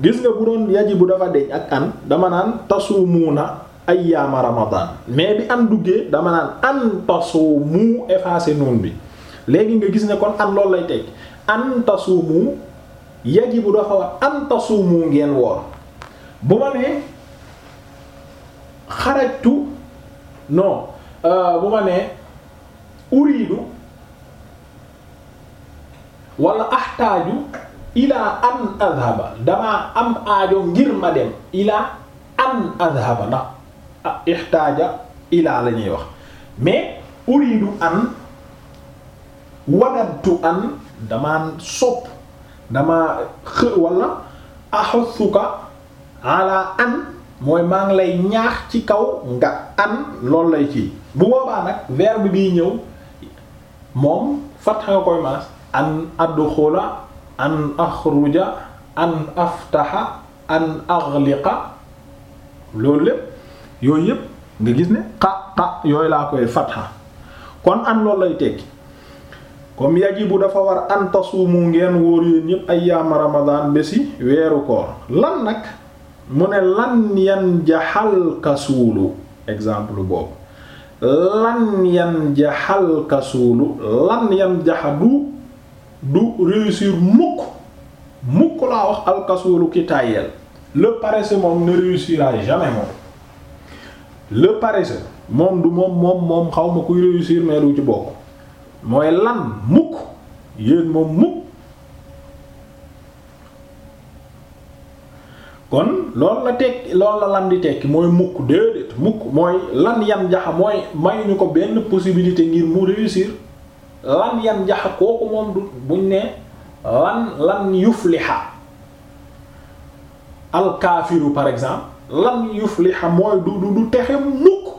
gis nga bu doon yajibu dafa deñ ak an dama naan tasuumuuna ayyaama ramadaan mais bi an duggee dama naan an tasuumu effacé noon bi léegi nga gis ne kon an loolu lay teg an tasuumu yajibu dafa war an tasuumu ngeen woor bu ma nee xarajtu non euh, bu ma nee uriidu wala axtaaju ilaa an adhaba damaa am aajo ngir ma dem ilaa an adhaba ndax ah, ixtaaja ilaa la ñuy wax mais uridu an wadatu an damaa sopp damaa xë wala axusuka ala an mooy maa ngi lay ñaax ci kaw nga an loolu lay ci bu boobaa nag verbe bi bii ñëw moom fatt nga koy maas an adxula an axruja an aftaxa an axliqa loolu lépp yooyu yépp nga gis ne xa xa yooyu laa koy fatxa kon an loolu lay tekki comme yajibu dafa war an tasuumu ngeen wóor yéen ñépp ayyaama ramadaan bési weeru koor lan nag mu ne lan yan jaxal kasuulu exemple boobu lan yan jaxal kasuulu lan yan jaxadu du réussir mukk mukk laa wax alkasulu ki tàyyeel le paresseux moom ne réussira jamais moom le paresseux moom du moom moom xaw ma kuy réussir mais du ci bokk mooy lan mukk yéen moom mukk kon lool la tekki loolu la lan di tekki mooy mukk déedéet mukk mooy lan yam jaxa mooy mayuñu ko benn possibilité ngir mu réussir lan yan jaxa kooku moom du buñ ne lan lan yufliha alkaafiru par exemple lan yufliha mooy du du du texe mukk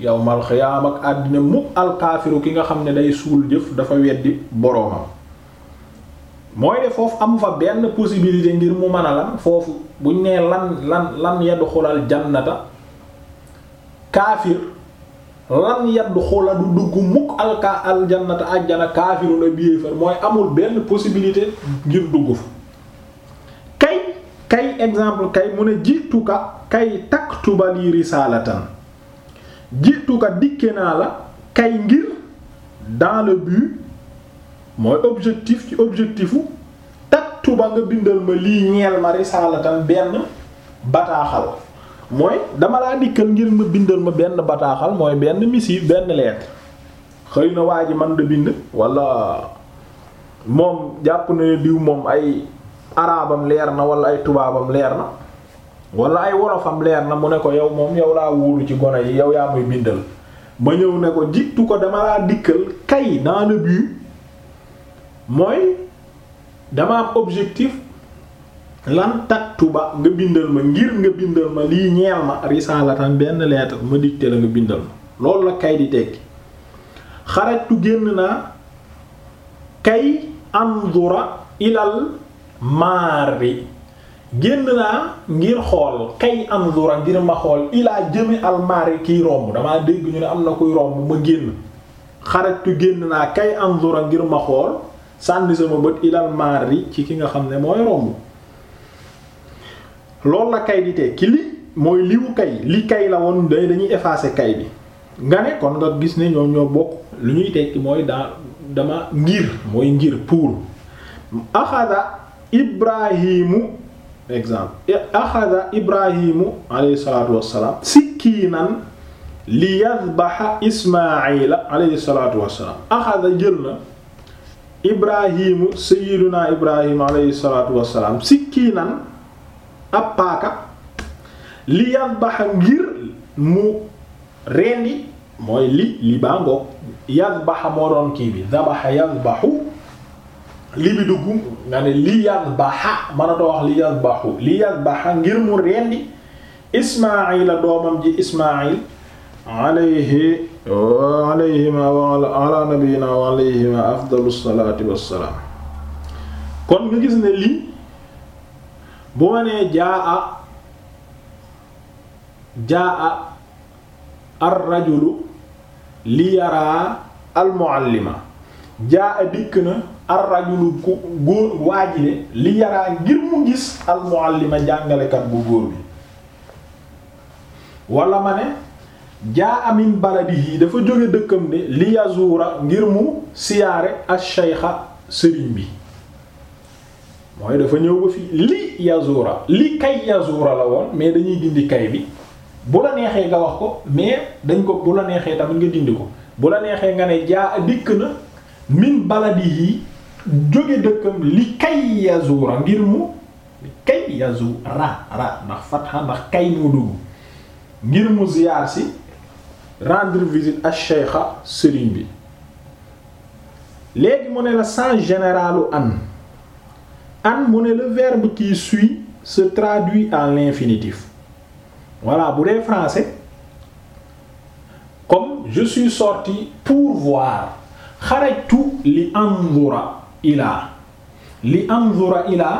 yawmal xiyaam ak àddina mukk alkaafiru ki nga xam ne day suul jëf dafa weddi boroomam mooy de foofu amu fa benn possibilité ngir mu mën a lan foofu buñ ne lan lan lan xolal jannata kaafir lan yaddu xula du dugg mukk alka aljannata ajjana kaafiru na biéefar mooy amul benn possibilité ngir dugg fa kay kay exemple kay mu ne jituka kay taktuba li risalatan jituka dikke naa la kay ngir dans le but mooy objectif ci objectifu taktuba nga bindal ma lii ñeel ma risalatan benn bataaxal mooy dama laa dikkal ngir ma bindal ma benn bataaxal mooy benn missive benn lettre xëy na waa ji man da bind walla moom jàpp na diw moom ay araabam leer na wala ay tubaabam leer na walla ay worofam leer na mu ne ko yow moom yow laa wóolu ci gone yi yow yaa muy bindal ma ñëw ne ko jittu ko dama laa dikkal kay dans le mooy dama am objectif lan taktuba nga bindal ma ngir nga bindal ma lii ñeel ma risalatan benn lettre ma dicté la nga bindal ma loolu la kay di tekki xarajtu génn naa kay andura ilal maari génn naa ngir xool kay andura ngir ma xool ilaa jëmi al maari kiy romb damaa dégg ñu ne am na kuy romb ma génn xarajtu génn naa kay andura ngir ma xool sànni sama bët ilal maari ci ki nga xam ne mooy romb loolu la kay di tekki li mooy liwu kay li kay la woon dañuy effacer kay bi nga ne kon nga gis ne ñoom ñoo bokk lu ñuy tekki mooy daa dama ngir mooy ngir pour axada ibrahimu exemple axada ibrahimu alayhi salaatu wassalaam sikkiinan li yadbaxa ismaila alayhi salaatu wassalaam axada jël na ibrahimu sayyiduna ibrahim alayhi salaatu wassalaam ab paaka li yadbaxa ngir mu rendi mooy li li baa ngoog moo doon kii bi dabaxa yadbaxu li bi dugg nga ne li yadbaxa mënatoo wax li yadbaxu rendi ismaila doomam ji ismail alayhi wa alayhima wa ala nabiyina kon gis ne lii bu ma nee jaa a jaa a ar li yaraa al jaa a dikk na ar ku góor waa ji li yaraa ngir mu gis al jàngalekat bu góor bi wala ma ne jaa a min baladihi dafa jóge dëkkam de li yazuura ngir mu siyaare al sheykha sëriñ bi mooy dafa ñëw ba fii li yazura li kay yazura la woon mais dañuy dindi kay bi bu la neexee nga wax ko mais dañ ko bu la neexee tamit nga dindi ko bu la neexee nga ne jaa dikk na min baladi yi jóge dëkkam li kay yazura ngir mu kay yazura ra ndax fatha ndax kay moo dugg ngir mu ziyaar si rendre visite ak cheikha sëriñ bi léegi mu ne la sens généralu an ann mu ne le verbe qui suit se traduit en l'infinitif voilà bu dee français comme je suis sorti pour voir xarajtu li anzura ilaa li anzura ilaa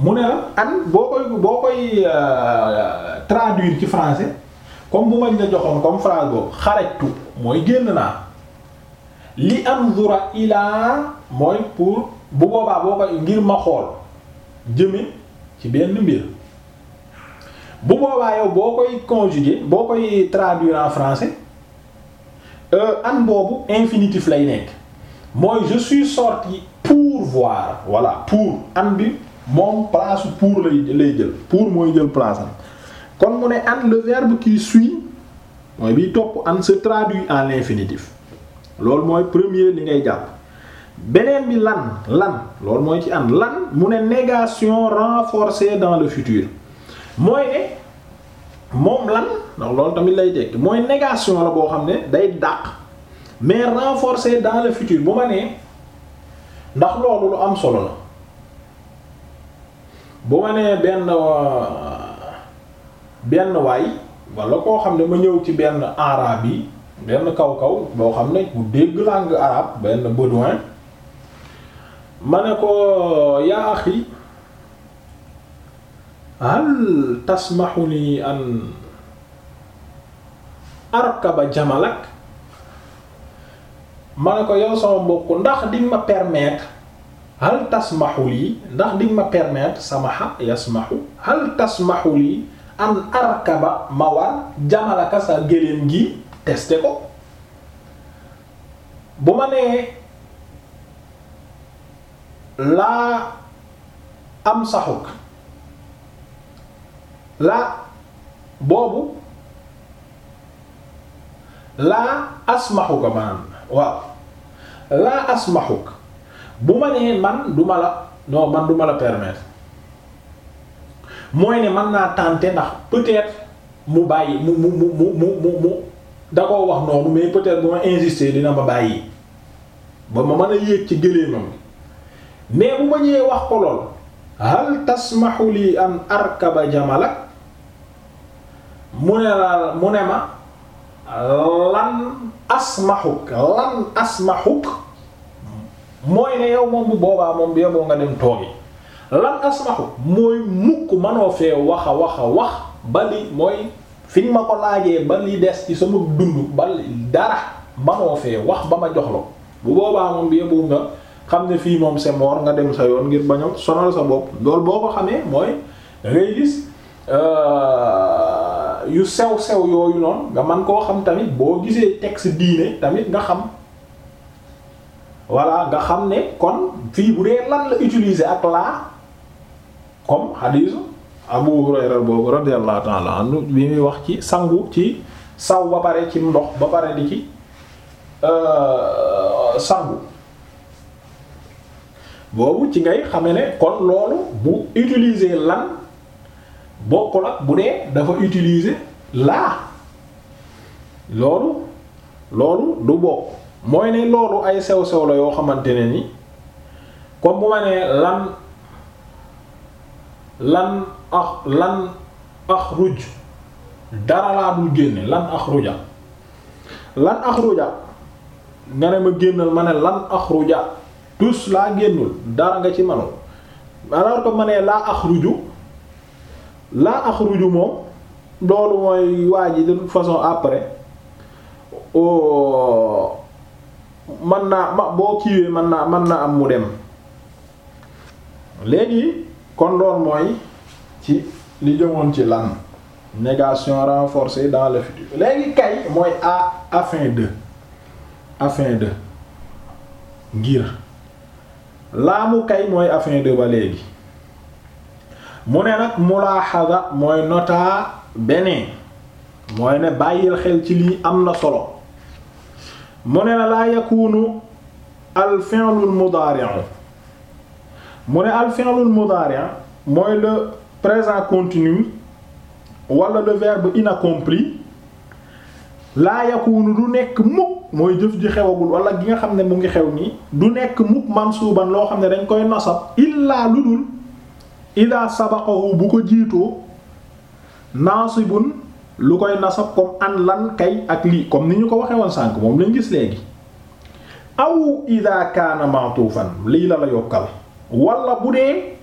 mu ne la an boo koy boo koy euh, traduire ci français comme bu mañ la joxoon comme phrase boobu xarajtu mooy génn naa li anzura ilaa mooy pour bu boobaa boo koy ngir ma xool jëme ci benn mbir bu boobaa yow boo koy conjuguer boo koy traduire en français euh, an boobu infinitif lay nekk mooy je suis sorti pour voir wala pour an bi moom place pour lay lay jël pour mooy jël place am kon mu ne an le verbe qui suit mooy biy topp an se traduit en infinitif loolu mooy premier li ngay jàpp beneen bi lan lan loolu mooy ci ànd lan mu ne négation renforcée dans le futur mooy ne moom lan ndax loolu tamit lay tekki mooy négation la boo xam ne day dàq mais renforcée dans le futur bu ma nee ndax loolu lu am solo la bu ma nee benn euh, benn waay wala koo xam ne ma ñëw ci benn arabe yi benn kaw kaw boo xam ne bu dégg langue arabe benn bédouin ma ne ko yaaxi axi hal tasmaxu nii an arkaba jamalak ma ne ko yow sama mbokk ndax di ma permettre hal tasmaxu lii ndax di ma permettre samaxa yasmaxu hal tasmaxu lii an arkaba ma war jamalaka sa géléem gi teste ko bu ma nee laa am saxuk laa boobu laa asmaxuka maanaam waaw laa asmaxuk bu ma nee man du ma la non man du ma la permettre mooy ne mën naa tenter ndax peut-être mu bàyyi mu mu mu mu mu mu da koo wax noonu mais peut-être bu ma insister dina ma bàyyi ba ma mën a yéeg ci gëléemam mais bu ma ñëwee wax ko lool hal tasmahu lii an arkaba jamala mu ne la mu ne ma lan asmahuk lan asmahuk mooy ne yow moom bu boobaa moom bi yow nga dem toogi lan asmahuk mooy mukk manoo fee wax a wax a wax ba mooy fi ñu ma ko laajee ba li des ci sama dund ba dara manoo fee wax ba ma jox la bu boobaa moom bi yow nga xam ne fii moom c'est mort nga dem sa yoon ngir bañ a sonal sa bopp loolu boo ko xamee mooy da euh, yu sew sew yooyu noonu nga man koo xam tamit boo gisee texte diine tamit nga xam voilà nga xam ne kon fii bu dee lan la utiliser ak laa comme xadiisu Abu Hurayra boobu radiyallahu ta'ala anhu bi muy wax ci sangu ci saw ba pare ci ndox ba pare di ci euh, sangu boobu ci ngay xame ne kon loolu bu utiliser lan bokk ak bu dee dafa utiliser laa loolu loolu du bokk mooy ne loolu ay sew sew la yoo xamante ne ni comme bu ma nee lan lan ax lan axruj dara laa dul génne lan axruja lan axruja nga ne ma génnal ma ne lan axruja tous laa génnul dara nga ci manul alors que ma nee laa axruju laa axruju moom loolu mooy waa ji de toute façon après o man naa ma boo kiiwee man naa man na am mu dem léegi kon loolu mooy ci li jëmoon ci lan négation renforcée dans le futur léegi kay mooy à afin de afin de ngir laamu kay mooy afin de ba léegi mu ne nag mulaaxada mooy notaa beneen mooy ne bàyyil xel ci lii am na solo mu ne la laa yakunu al fi'lul mu ne al fi'lul mudaari' mooy le présent continu wala le verbe inaccompli laa yakunu du nekk mukk mooy jëf ji xewagul wala gi nga xam ne mu ngi xew nii du nekk mukk mansuuban loo xam ne dañ koy nasab illaa lu dul ida sabaqahu bu ko jiitoo naasibun lu koy nasab comme an lan kay ak lii comme ni ñu ko waxee woon sànk moom lañ gis léegi aw ida kaana ma'tufan lii la la yokkal wala bu dee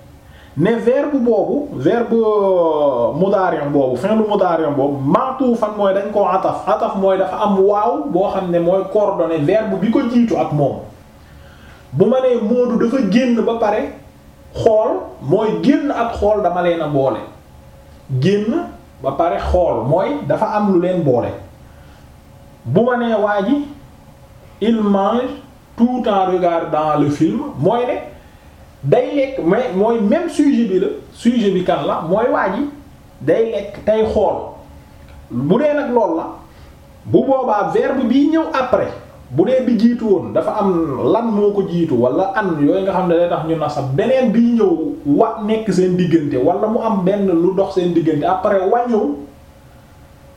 ne verbe boobu verbe euh, mudaari'un boobu fi'lu mudaari'un boobu fan mooy dañ koo ataf ataf mooy dafa am waaw boo xam ne mooy coordonnée verbe bi ko jiitu ak moom bu ma nee Moodu dafa génn ba pare xool mooy génn ak xool dama leen a boole génn ba pare xool mooy dafa am lu leen boole bu ma nee waa ji il mange tout en dans le film mooy ne day lekk mais mooy même sujet bi la sujet bi kan la mooy waa ji day lekk tey xool bu dee nag lool la bu boobaa verbe bii ñëw après bu dee bi jiitu woon dafa am lan moo ko jiitu wala an yooyu nga xam ne day tax ñu nasab beneen bii ñëw wax nekk seen diggante wala mu am benn lu dox seen diggante après wa ñëw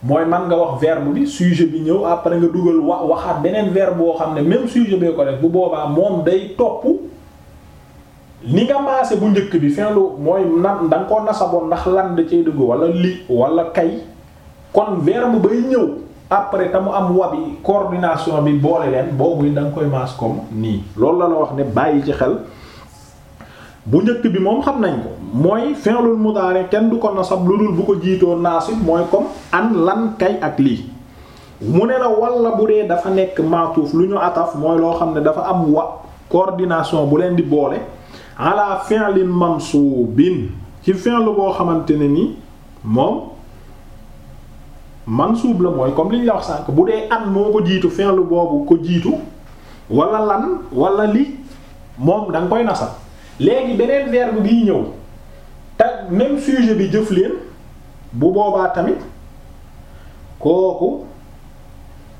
mooy man nga wax verbe bi sujet bi ñëw après nga dugal wa waxaat beneen verbe boo xam ne même sujet bee ko def bu boobaa moom day topp. li nga maase bu njëkk bi finlu mooy nan da ko koo nasaboon ndax lan da cee dugg wala li wala kay kon verbe bay ñëw après mu am wabi coordination bi boole leen da koy maas comme nii loolu la la wax ne bàyyi ci xel bu njëkk bi moom xam nañ mooy fi'lul mudari kenn du ko nasab lu dul bu ko jiitoo naasib mooy comme an lan kay ak lii mu ne la wala bu dee dafa nekk maatuuf lu ñu ataf mooy loo xam ne dafa am wa coordination bu leen di boole ala fi'lin mansuubin ci fi'l boo xamante ne ni moom mansuub la mooy comme li ñu la bu dee an moo ko jiitu fi'l boobu ko jiitu walla lan walla li moom da koy nasa léegi beneen verbe bi ñëw te même sujet bi jëf leen bu boobaa tamit kooku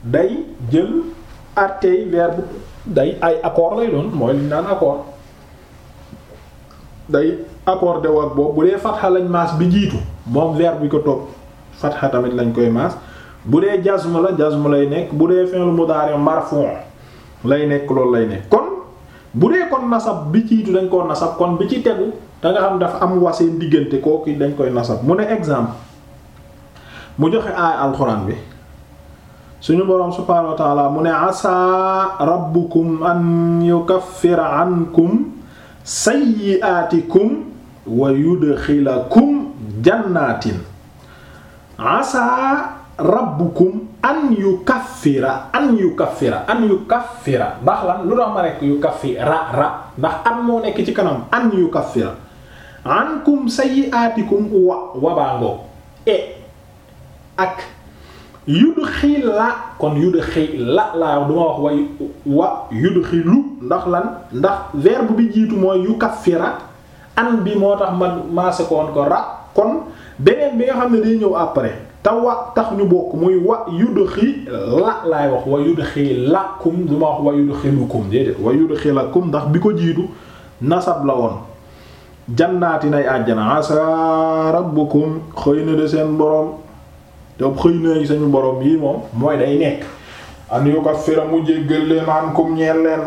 day jël artey verbe day ay accord lay doon mooy naan accord day accordé wu boobu bu dee fatxa lañ maas bi jiitu moom verbe bi ko toog fatxa tamit lañ koy maas bu dee jazm la jazm lay nekk bu dee fi'l mudari marfu' lay nekk loolu lay nekk kon bu dee kon nasab bi jiitu dañ koo nasab kon bi ci tegu da nga xam dafa am waseen diggante kooku dañ koy nasab mu ne exemple mu joxe aay alxuraan bi suñu boroom subhaanahu wa ta'ala mu ne asaa rabbukum an yukaffira ankum sayyi'aatikum wa yudxilakum jannaatin asaa rabbukum an yukaffira an yukaffira an yukaffira ndax lan lu dox ma rekk yukaffira ra ndax an moo nekk ci kanam an yukaffira ankum sayyi'aatikum wa wabaangoo e ak yudxila kon yudxila laa wax duma wax way wa yudxilu ndax lan ndax verbe bi jiitu mooy yu yukaffira an bi moo tax man maasekoon ko ra kon beneen bi nga xam ne day ñëw après te wa tax ñu bokk muy wa yudxila laay wax wa yudxilakum duma wax wa yudxilukum déedéet wa yudxilakum ndax bi ko jiitu nasab la woon jannaati nay àjjana asa rabbukum xëy na de seen boroom te xëy na suñu borom yi moom mooy day nekk an yu ko fira mu jéggal leen an kum ñeel leen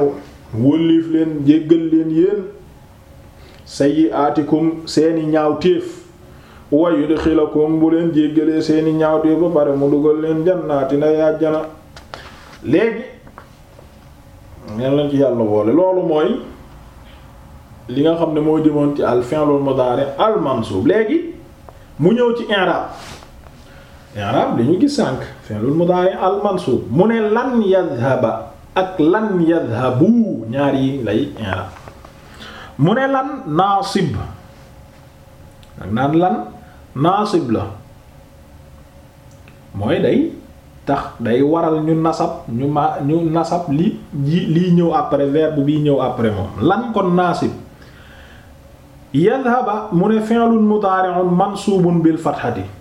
wëlliif leen jéggal leen yéen sayi aatikum seeni ñaaw téef wayu di xilakum bu leen jéggalee seeni ñaaw téef ba pare mu dugal leen jannaati na yàjjana léegi ngeen lañ ci yàlla boole loolu mooy li nga xam ne moo jëmoon ci al fi'lul mudari al mansub léegi mu ñëw ci i'rab i'rab gis sànq fi'lul mudari al mansub mu ne lan yadhaba ak lan yadhabu ñaar yi lay mu ne lan naasib ak naan lan naasib la mooy day tax day waral ñu nasab ñu ma ñu nasab li ji lii ñëw après verbe bii ñëw après moom lan kon naasib yadhaba mu ne fi'lun mudari'un mansubun bil fathati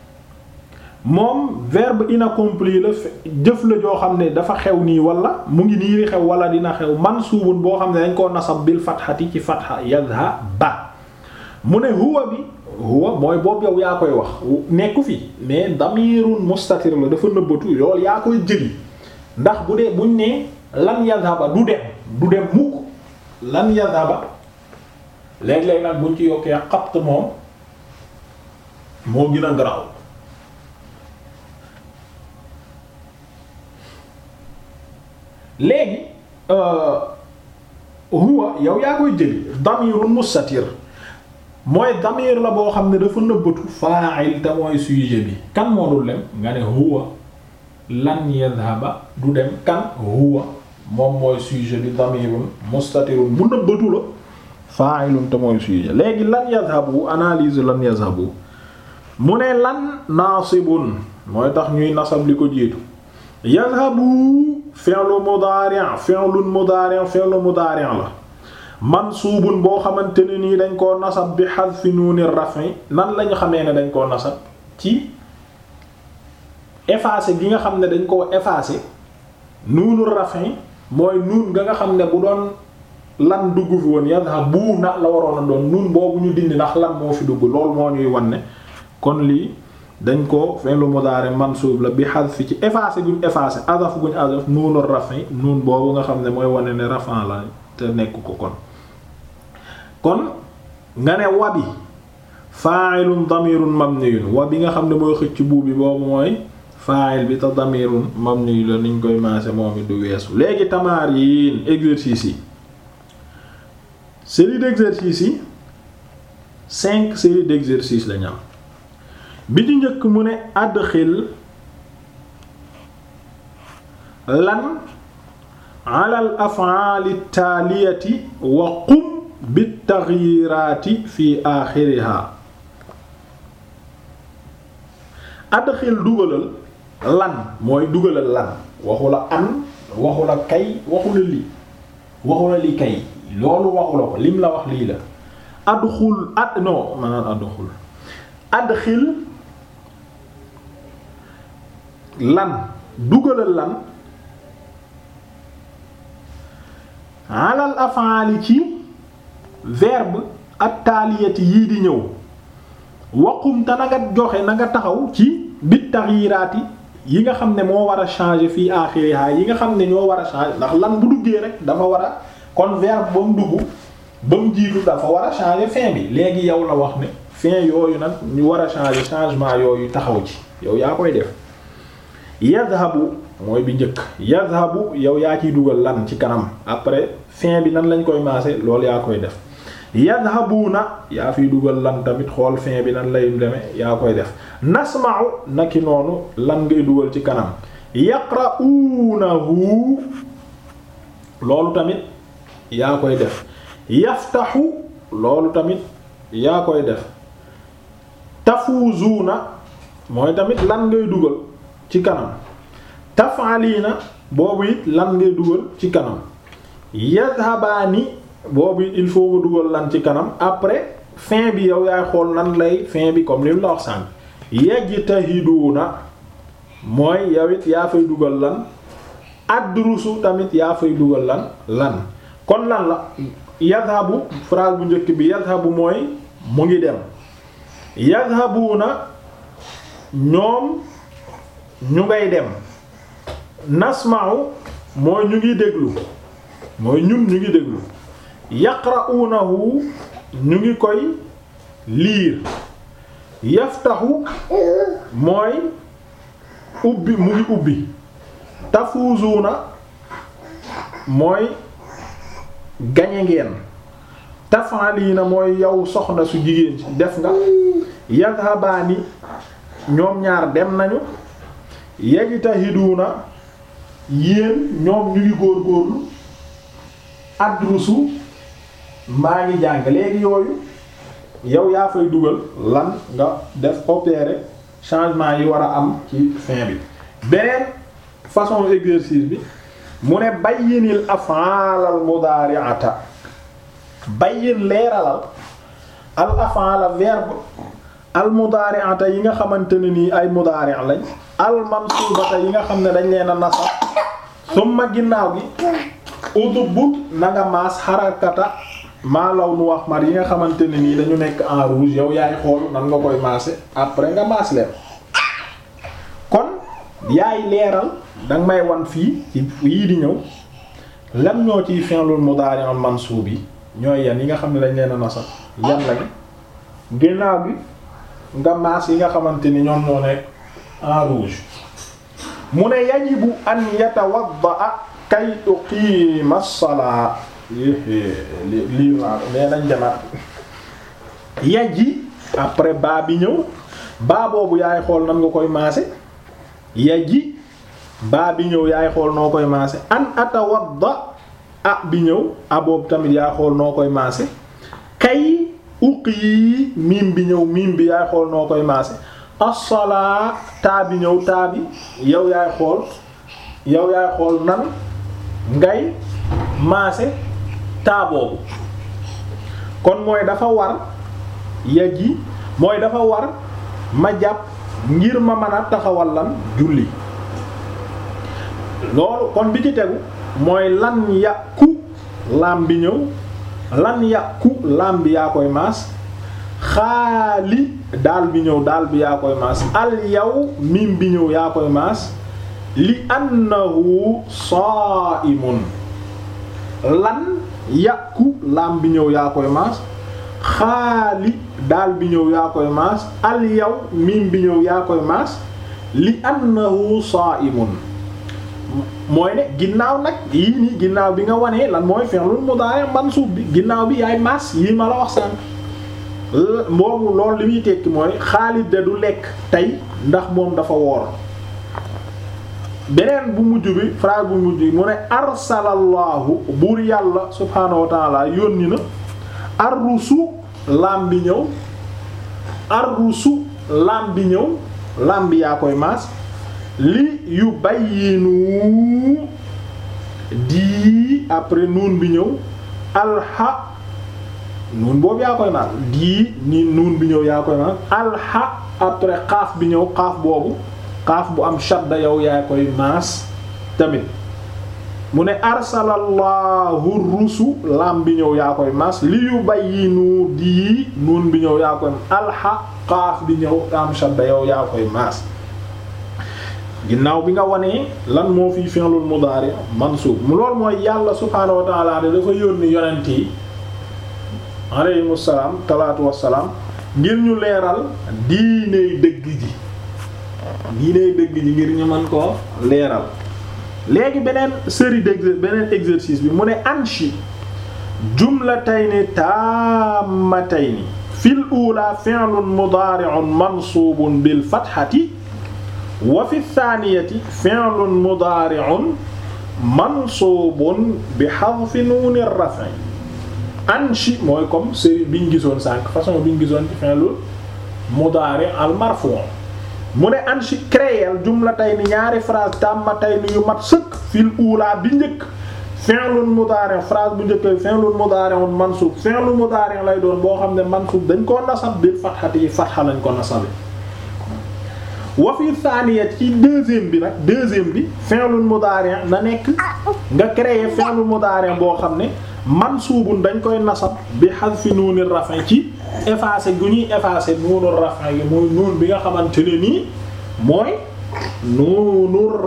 moom verbe inaccompli la jëf la joo xam ne dafa xew nii wala mu ngi nii xew wala dina xew man mansuubun boo xam ne dañ koo nasab bil fatxati ci fatxa yadha ba mu ne huwa bi huwa mooy boobu yow yaa koy wax nekku fi mais damirun mustatir la dafa nëbbatu loolu yaa koy jëli ndax bu dee buñ nee lan yadhaba du dem du dem mukk lan yadhaba léeg-léeg nag buñ ci yokkee xapt moom moo gën a garaaw léegi euh, huwa yow yaa koy jëli damirun mustatir mooy damir la boo xam ne dafa nëbbatu fa'il te mooy sujet bi kan moo dul dem nga ne huwa lan yadhhaba du dem kan huwa moom mooy sujet bi damirun mustatirun mu nëbbatu la fa'ilun te mooy sujet léegi lan yadhhabu analyse lan yadhhabu mu ne lan naasibun mooy tax ñuy nasab li ko jiitu yadhhabu fi'lu mudari' fi'lun mudari' fi'lu mudari' la mansuubun boo xamante ne nii dañ koo nasab bi hadfi nuuni raf'i nan lañu xamee ne dañ koo nasab ci effacé gi nga xam ne dañ koo effacé nuunu raf'i mooy nuun nga nga xam ne bu doon lan dugg fi woon na la waroon a doon nuun boobu ñu dindi ndax lan moo fi dugg loolu moo ñuy wan ne kon lii dañ ko fi'lu mudaari mansuub la bi hadfi ci effacé guñ effacé adaf guñ adaf nuunu rafi nuun boobu nga xam ne mooy wane ne rafan la te nekk ko kon kon nga ne wabi fa'ilun damirun mabniyun wa bi nga xam ne mooy xëcc buub bi boobu mooy fa'il bi te damirun mabniyu la niñ koy maase moom it weesu léegi tamaar yi exercice yi série d'exercice yi cinq série d'exercice la ñu bi ci njëkk mu ne adxil lan alal afaali taaliyati wa qum bitaxyiraati fi aaxiriha adxil dugalal lan mooy dugalal lan waxu la an waxu la kay waxu la li waxu la li kay loolu waxu la ko lim la wax lii la adxul ad non maanaam adxul adxil lan dugalal lan alal afaali ci verbe ak taaliyati yii di ñëw waqum te joxe na nga taxaw ci bit taxyiraati yi nga xam ne moo war a changer fii axiriha yi nga xam ne ñoo war a changer ndax lan bu duggee rek dafa war a kon verbe ba mu dugg ba mu jiitu dafa war a changer fin bi léegi yow la wax ne fin yooyu nag ñu war a changer changement yooyu taxaw ci yow yaa koy def yadhabu mooy bi njëkk yadhabu yow yaa ciy dugal lan ci kanam après fin bi nan lañ koy maase loolu yaa koy def yadhabuna yaa fiy dugal lan tamit xool fin bi nan lay demee yaa koy def nasma'u naki noonu lan ngay dugal ci kanam yaqra'unahu loolu tamit yaa koy def yaftahu loolu tamit yaa koy def na mooy tamit lan ngay dugal ci kanam taf'alina boobu it lan ngay dugal ci kanam yadhabaani boobu il faut nga dugal lan ci kanam après fin bi yow yaay xool nan lay fin bi comme lim la wax sànq yajtahiduuna mooy yow it yaa fay dugal lan adrusu tamit yaa fay dugal lan lan kon lan la yadhabu phrase bu njëkk bi yadhabu mooy mu ngi dem yadhabuuna ñoom ñu ngay dem nasma'u mooy ñu ngi déglu mooy ñun ñu ngi déglu yaqra'unahu ñu ngi koy liir yaftahu mooy ubbi mu ngi ubbi tafuzuuna mooy gañe ngeen tafaliina mooy yow soxna su jigéen ci def nga yadhabaani ñoom ñaar dem nañu yajtahiduuna yéen ñoom ñu ngi góorgóorlu adrusu maa ngi jàng léegi yooyu yow yaa fay dugal lan nga def opérer changement yi war a am ci fin bi beneen façon exercice bi mu ne bayyinil af'al al mudari'ata bayyin leeralal al af'al verbe al mudari'ata yi nga xamante ne nii ay mudari' lañ almansuubata yi nga xam ne dañ leen a nasab summa ginnaaw gi udub na nga maas xarakata maa law wax mar yi nga xamante ne nii dañu nekk en rouge yow yaay xool nan nga koy maase après nga maas leen kon yaay leeral danga may wan fii yii di ñëw lan ñoo ciy mu mudaari' al mansuub yi ñooy yan yi nga xam ne dañ leen a nasab yan lañ ginnaaw gi nga maas yi nga xamante ni ñoom ñoo nekk en mu ne yajibu an yatawadda kay tuqiima salaa lii waaw nee nañ jamaat yaji après baa bi ñëw baa boobu yaay xool nan nga koy maase yaji baa bi ñëw yaay xool noo koy maase an atawadda a bi ñëw a boobu tamit yaay xool noo koy maase kay uqi miim bi ñëw miim bi yaay xool noo koy maase as-salaa ñëw taa yow yaay xool yow yaay xool nan ngay maase taa boobu kon mooy dafa war yaji mooy dafa war ma jàpp ngir ma mën a taxawal lan julli loolu kon bi ci tegu mooy lan yàqu laam bi ñëw lan yàqu laam bi yaa koy maas xaali daal bi ñëw daal bi yaa koy maas al yow miim bi ñëw yaa koy maas li annahu sa'imun lan yàkku laam bi ñëw yaa koy maas xaali daal bi ñëw yaa koy maas al yow miim bi ñëw yaa koy maas li annahu sa'imun mooy ne ginnaaw nag yii nii ginnaaw bi nga wanee lan mooy fi'lul mudari' mansuub bi ginnaaw bi yaay maas yii ma la wax sànq Euh, moomu loolu li muy tekki mooy Xaalid da du lekk tey ndax moom dafa woor beneen bu mujj bi phrase bu mujj bi mu ne arsalallaahu buur yàlla subhaanahu wa taala yónni na arrusu lam bi ñëw arrusu lam bi ñëw lam bi yaa koy maas li yu bayyinu di après nuun bi ñëw alha nuun boobu yaa koy naan dii nii nuun bi ñëw yaa koy naan alxa après xaaf bi ñëw xaaf boobu xaaf bu am shadda yow yaa koy maas tamit mu ne arsalallahu rusu lam bi ñëw yaa koy maas li yu bayyinu dii nuun bi ñëw yaa koy alxa xaaf bi ñëw am shadda yow yaa koy maas ginnaaw bi nga wanee lan moo fi fi'lul mudaari mansuub mu loolu mooy yàlla subhaanahu wa dafa yónni yonent yi aleyhum salaam talaatu wassalaam ngir ñu leeral diiney dëgg ji dëgg ji ngir ñu mën ko leeral léegi beneen série d'exer bi mu ne anchi jumlatayni taamatayni fil ula fi'lun mudaari'un mansuubun bil fatxati wa fi thaaniyati fi'lun mudaari'un mansuubun bi hadfi nuuni raf'i anchi mooy comme série bi ñu gisoon sànq façon bi gisoon ci fin loolu mudaari al marfu mu ne anchi créel jumla tay ni ñaari phrase tàmma tey ni yu mat sëkk fil uulaa bi njëkk fi'lun mudaari phrase bu njëkk fi'lun mudaari mansub fi'lun mudaari lay doon boo xam ne mansub dañ koo nasab bil fatxati yi fatxa lañ ko nasabe wa fi thaniya ci deuxième bi nag deuxième bi fi'lun mudari' na nekk nga créer fi'lun mudari' boo xam ne man mansuubun dañ koy nasab bi hadfi nuunir raf'i ci effacer gu ñuy effacer nuunur raf'i yi mooy nuun bi nga xamante ne nii mooy nuunur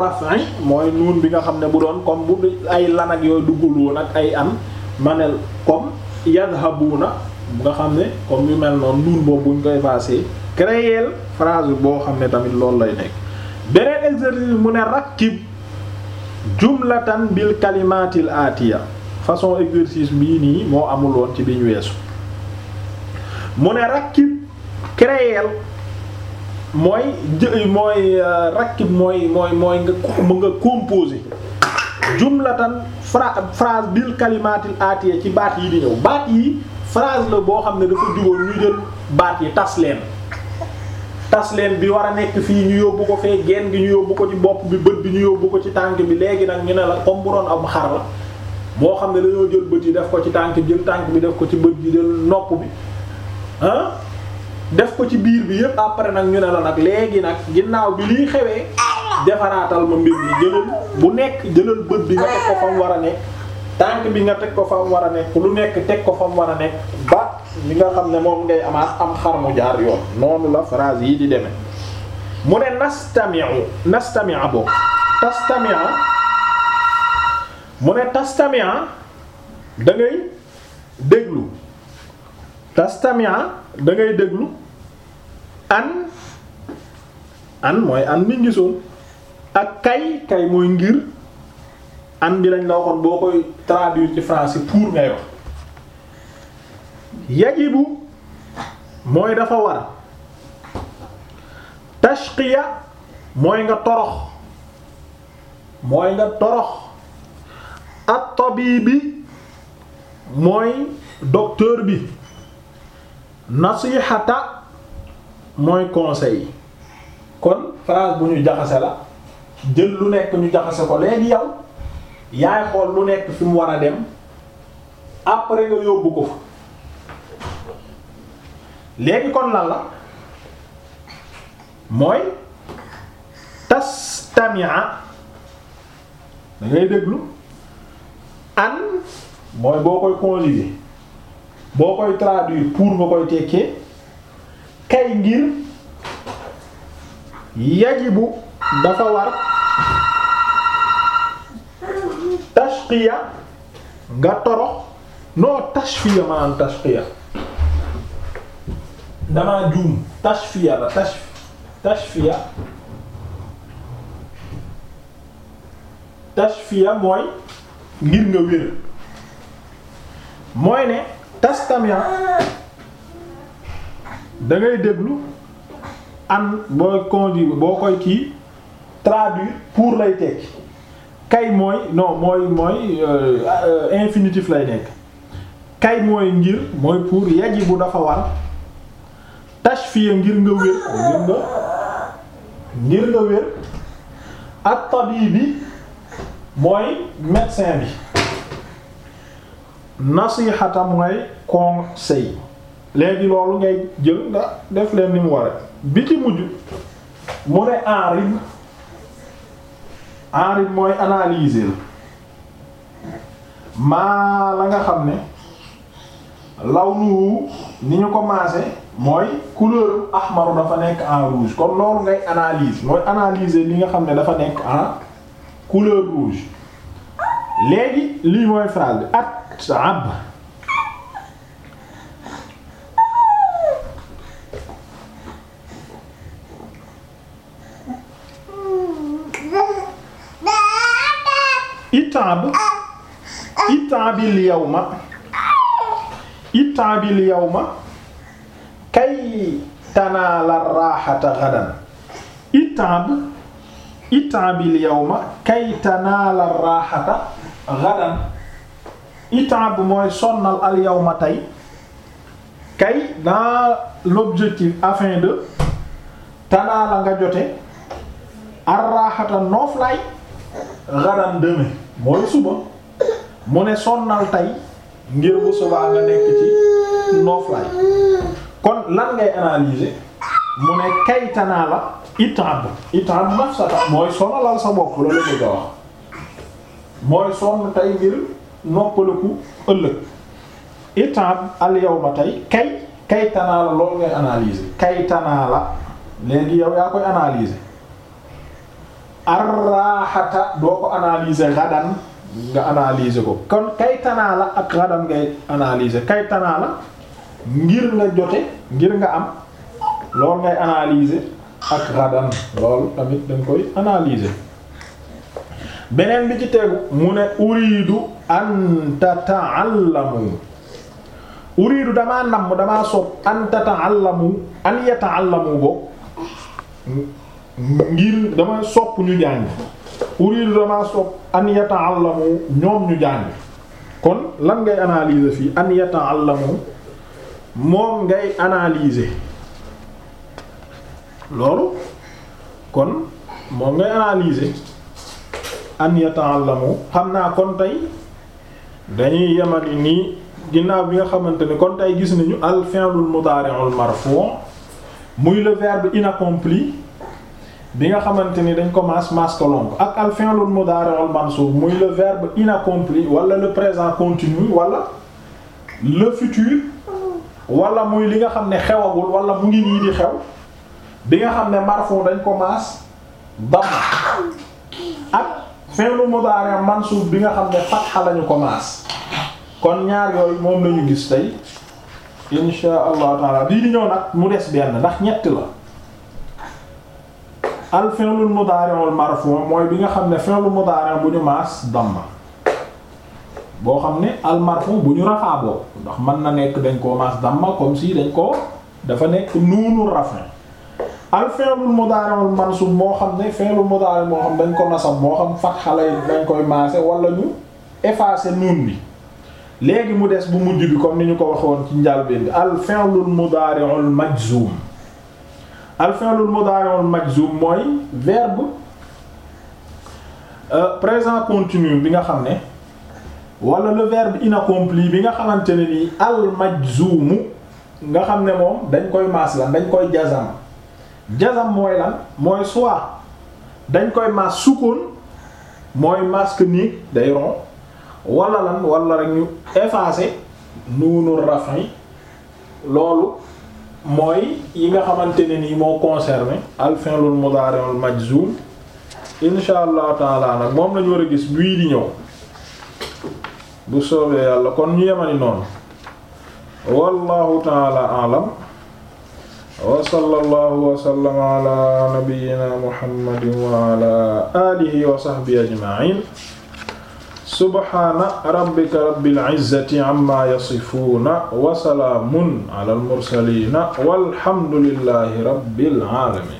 mooy nuun bi nga xam ne bu doon comme bu ay lan ak yooyu duggul woon ak ay an manel comme yadhabuna nga xam ne comme yu mel noonu nuun boobu buñ koy effacer créer phrase boo xam ne tamit loolu lay nekk beneen exercice mu ne rakkib jumlatan bil kalimaatil aatiya façon exercice bii nii moo amul ci biñ weesu mu ne rakkib créer mooy jë mooy euh, rakkib mooy mooy mooy nga mu nga composer jumlatan phrase bil kalimaatil aatiya ci baat yi di ñëw baat yi phrase la boo xam ne dafa jugoon ñu jël baat yi tas leen tas leen bi war a nekk fii ñu yóbbu ko fee geen gi ñu yóbbu ko ci bopp bi bët bi ñu yóbbu ko ci tànk bi léegi nag ñu ne la comme bu doon am xar la boo xam ne dañoo jël bët yi def ko ci tànk bi tànk bi def ko ci bët bi jël nopp bi ah def ko ci biir bi yépp après nag ñu ne la nag léegi nag ginnaaw bi liy xewee defaraatal ma mbir mi jëlal bu nekk jëlal bët bi nga teg ko fam war a nekk tànk bi nga teg ko fam war a nekk lu nekk teg ko fam war a nekk li nga xam ne moom ngay amaas am xar mu jaar yoon noonu la phrase yi di demee mu ne nastami'u nastami'a boobu tastami'a mu ne tastami'a da déglu tastami'a da ngay déglu an an mooy an mi gisoon ak kay kay mooy ngir an bi lañ la waxoon boo koy traduire ci français pour ngay wax yajibu mooy dafa war tashqiya mooy nga torox mooy nga torox at bi mooy docteur bi nasihata mooy conseil kon phrase bu ñu jaxase la jël lu nekk ñu jaxase ko léegi yow yaay xool lu nekk fi mu war a dem après nga yóbbu ko fa léegi kon lan la mooy tastamia da déglu an mooy boo koy conjuguer boo koy traduire pour nga koy tekkee kay ngir yajibu dafa war tashqiya nga torox non tashfiya maanaam tashqiya damaa juum tashfiya la tash tashfiya tashfiya mooy ngir nga wér mooy ne tastamiya da ngay déglu an booy conjuguer boo koy kii traduire pour lay tekki kay mooy non mooy mooy euh, euh, infinitif lay nekk kay mooy ngir mooy pour yaji bu dafa war tashfiya ngir nga wér ngir nga ngir nga wér ak tabibi mooy médecin bi nasihata mooy conseil léegi loolu ngay jël nga def leen ni mu waree bi ci mujj mu ne enrib enrib mooy analyser maa la nga xam ne law nu ni ñu commencé mooy couleur ahmaru dafa nekk en rouge kon loolu ngay analyse mooy analyser li nga xam ne dafa nekk en couleur rouge léegi lii mooy phrase bi at ab itab itabil yawma itabil ma kay tanaala raaxata gadan itamb itambil yawma kay tanaala mooy sonnal al yawma tey kay dans l'objectif afin de tanaala nga jote ar raaxata nooflaay gadan deme mooy suba mu ne sonnal tey ngir bu subaa nekk ci nooflaay kon lan ngay analyser mu ne kaytanaa la itab itab nafsata mooy sonalal sa bopp la la bëgg a wax mooy sonn tey ngir noppaliku ëllëg itab al yawma tey kay kaytanaa la loolu ngay analyser kaytanaa la léegi yow yaa koy analyser arraxata doo ko analyser xadan nga analise ko kon kaytanaa la ak xadan ngay analyser kaytanaa la ngir la jote ngir nga am loolu ngay analyser ak radan loolu tamit dañ koy analyser beneen bi ci tegu mu ne uridu an tata'allamu uridu damaa namm damaa sopp an tata'allamu an yata'allamu bo ngir dama sopp ñu jàng uridu damaa sopp an yata'allamu ñoom ñu jàng kon lan ngay analyser fii an yata'allamu moom ngay analyser loolu kon moom ngay analyser an yata'allamu xam naa kon tey dañuy yi nii ginnaaw bi nga xamante ni kon tey gis nañu al fi'lul mudari'ul marfu' muy le verbe inaccompli bi nga xamante ni dañ commence masculin ko ak al fi'lul mudari'ul mansub muy le verbe inaccompli wala le présent continu wala le futur wala muy li nga xam ne xewagul wala mu ngi nii di xew bi nga xam ne marfu dañ ko maas dam ak fi'lu mudari mansub bi nga xam ne fatha lañu ko maas kon ñaar yooyu moom lañu gis tey insha allahu taala bii di ñëw nag mu des benn ndax ñetti la al fi'lu mudari wal marfu mooy bi nga xam ne fi'lu mudari bu ñu maas damma boo xam ne almarfu bu ñu rafaa ndox ndax mën na nekk dañ koo maas damma comme si dañ ko dafa nekk nuunu rafin al fi'lul mudari'ul mansub moo xam ne fi'lul mudari' moo xam dañ ko nasab moo xam fatxa lay dañ koy maase wala ñu effacer nuun bi léegi mu des bu mujj bi comme ni ñu ko waxoon ci njàlbeen bi al fi'lul mudari'ul majzum al fi'lul mudari'ul majzum mooy verbe euh, présent continu bi nga xam ne wala le verbe inaccompli bi nga xamante ne nii al majzumu nga xam ne moom dañ koy maas lan dañ koy jazam jazam mooy lan mooy soit dañ koy maas sukkoon mooy maas que nii day ron wala lan wala rek ñu effacer nuunu rafi loolu mooy yi nga xamante ne nii moo concerné al fi'lul mudari'ul majzum insha allah taala nag moom lañu war a gis bii di ñëw bu soobee yàlla kon ñu yemani noonu wallahu taala alam wa sallallahu wa sallama ala nabiyyina muhammadin wa ala alihi wa sahbihi ajma'in subhana rabbika rabbil izzati amma yasifuna wa salaamun ala al mursalina walhamdulillahi rabbil alamin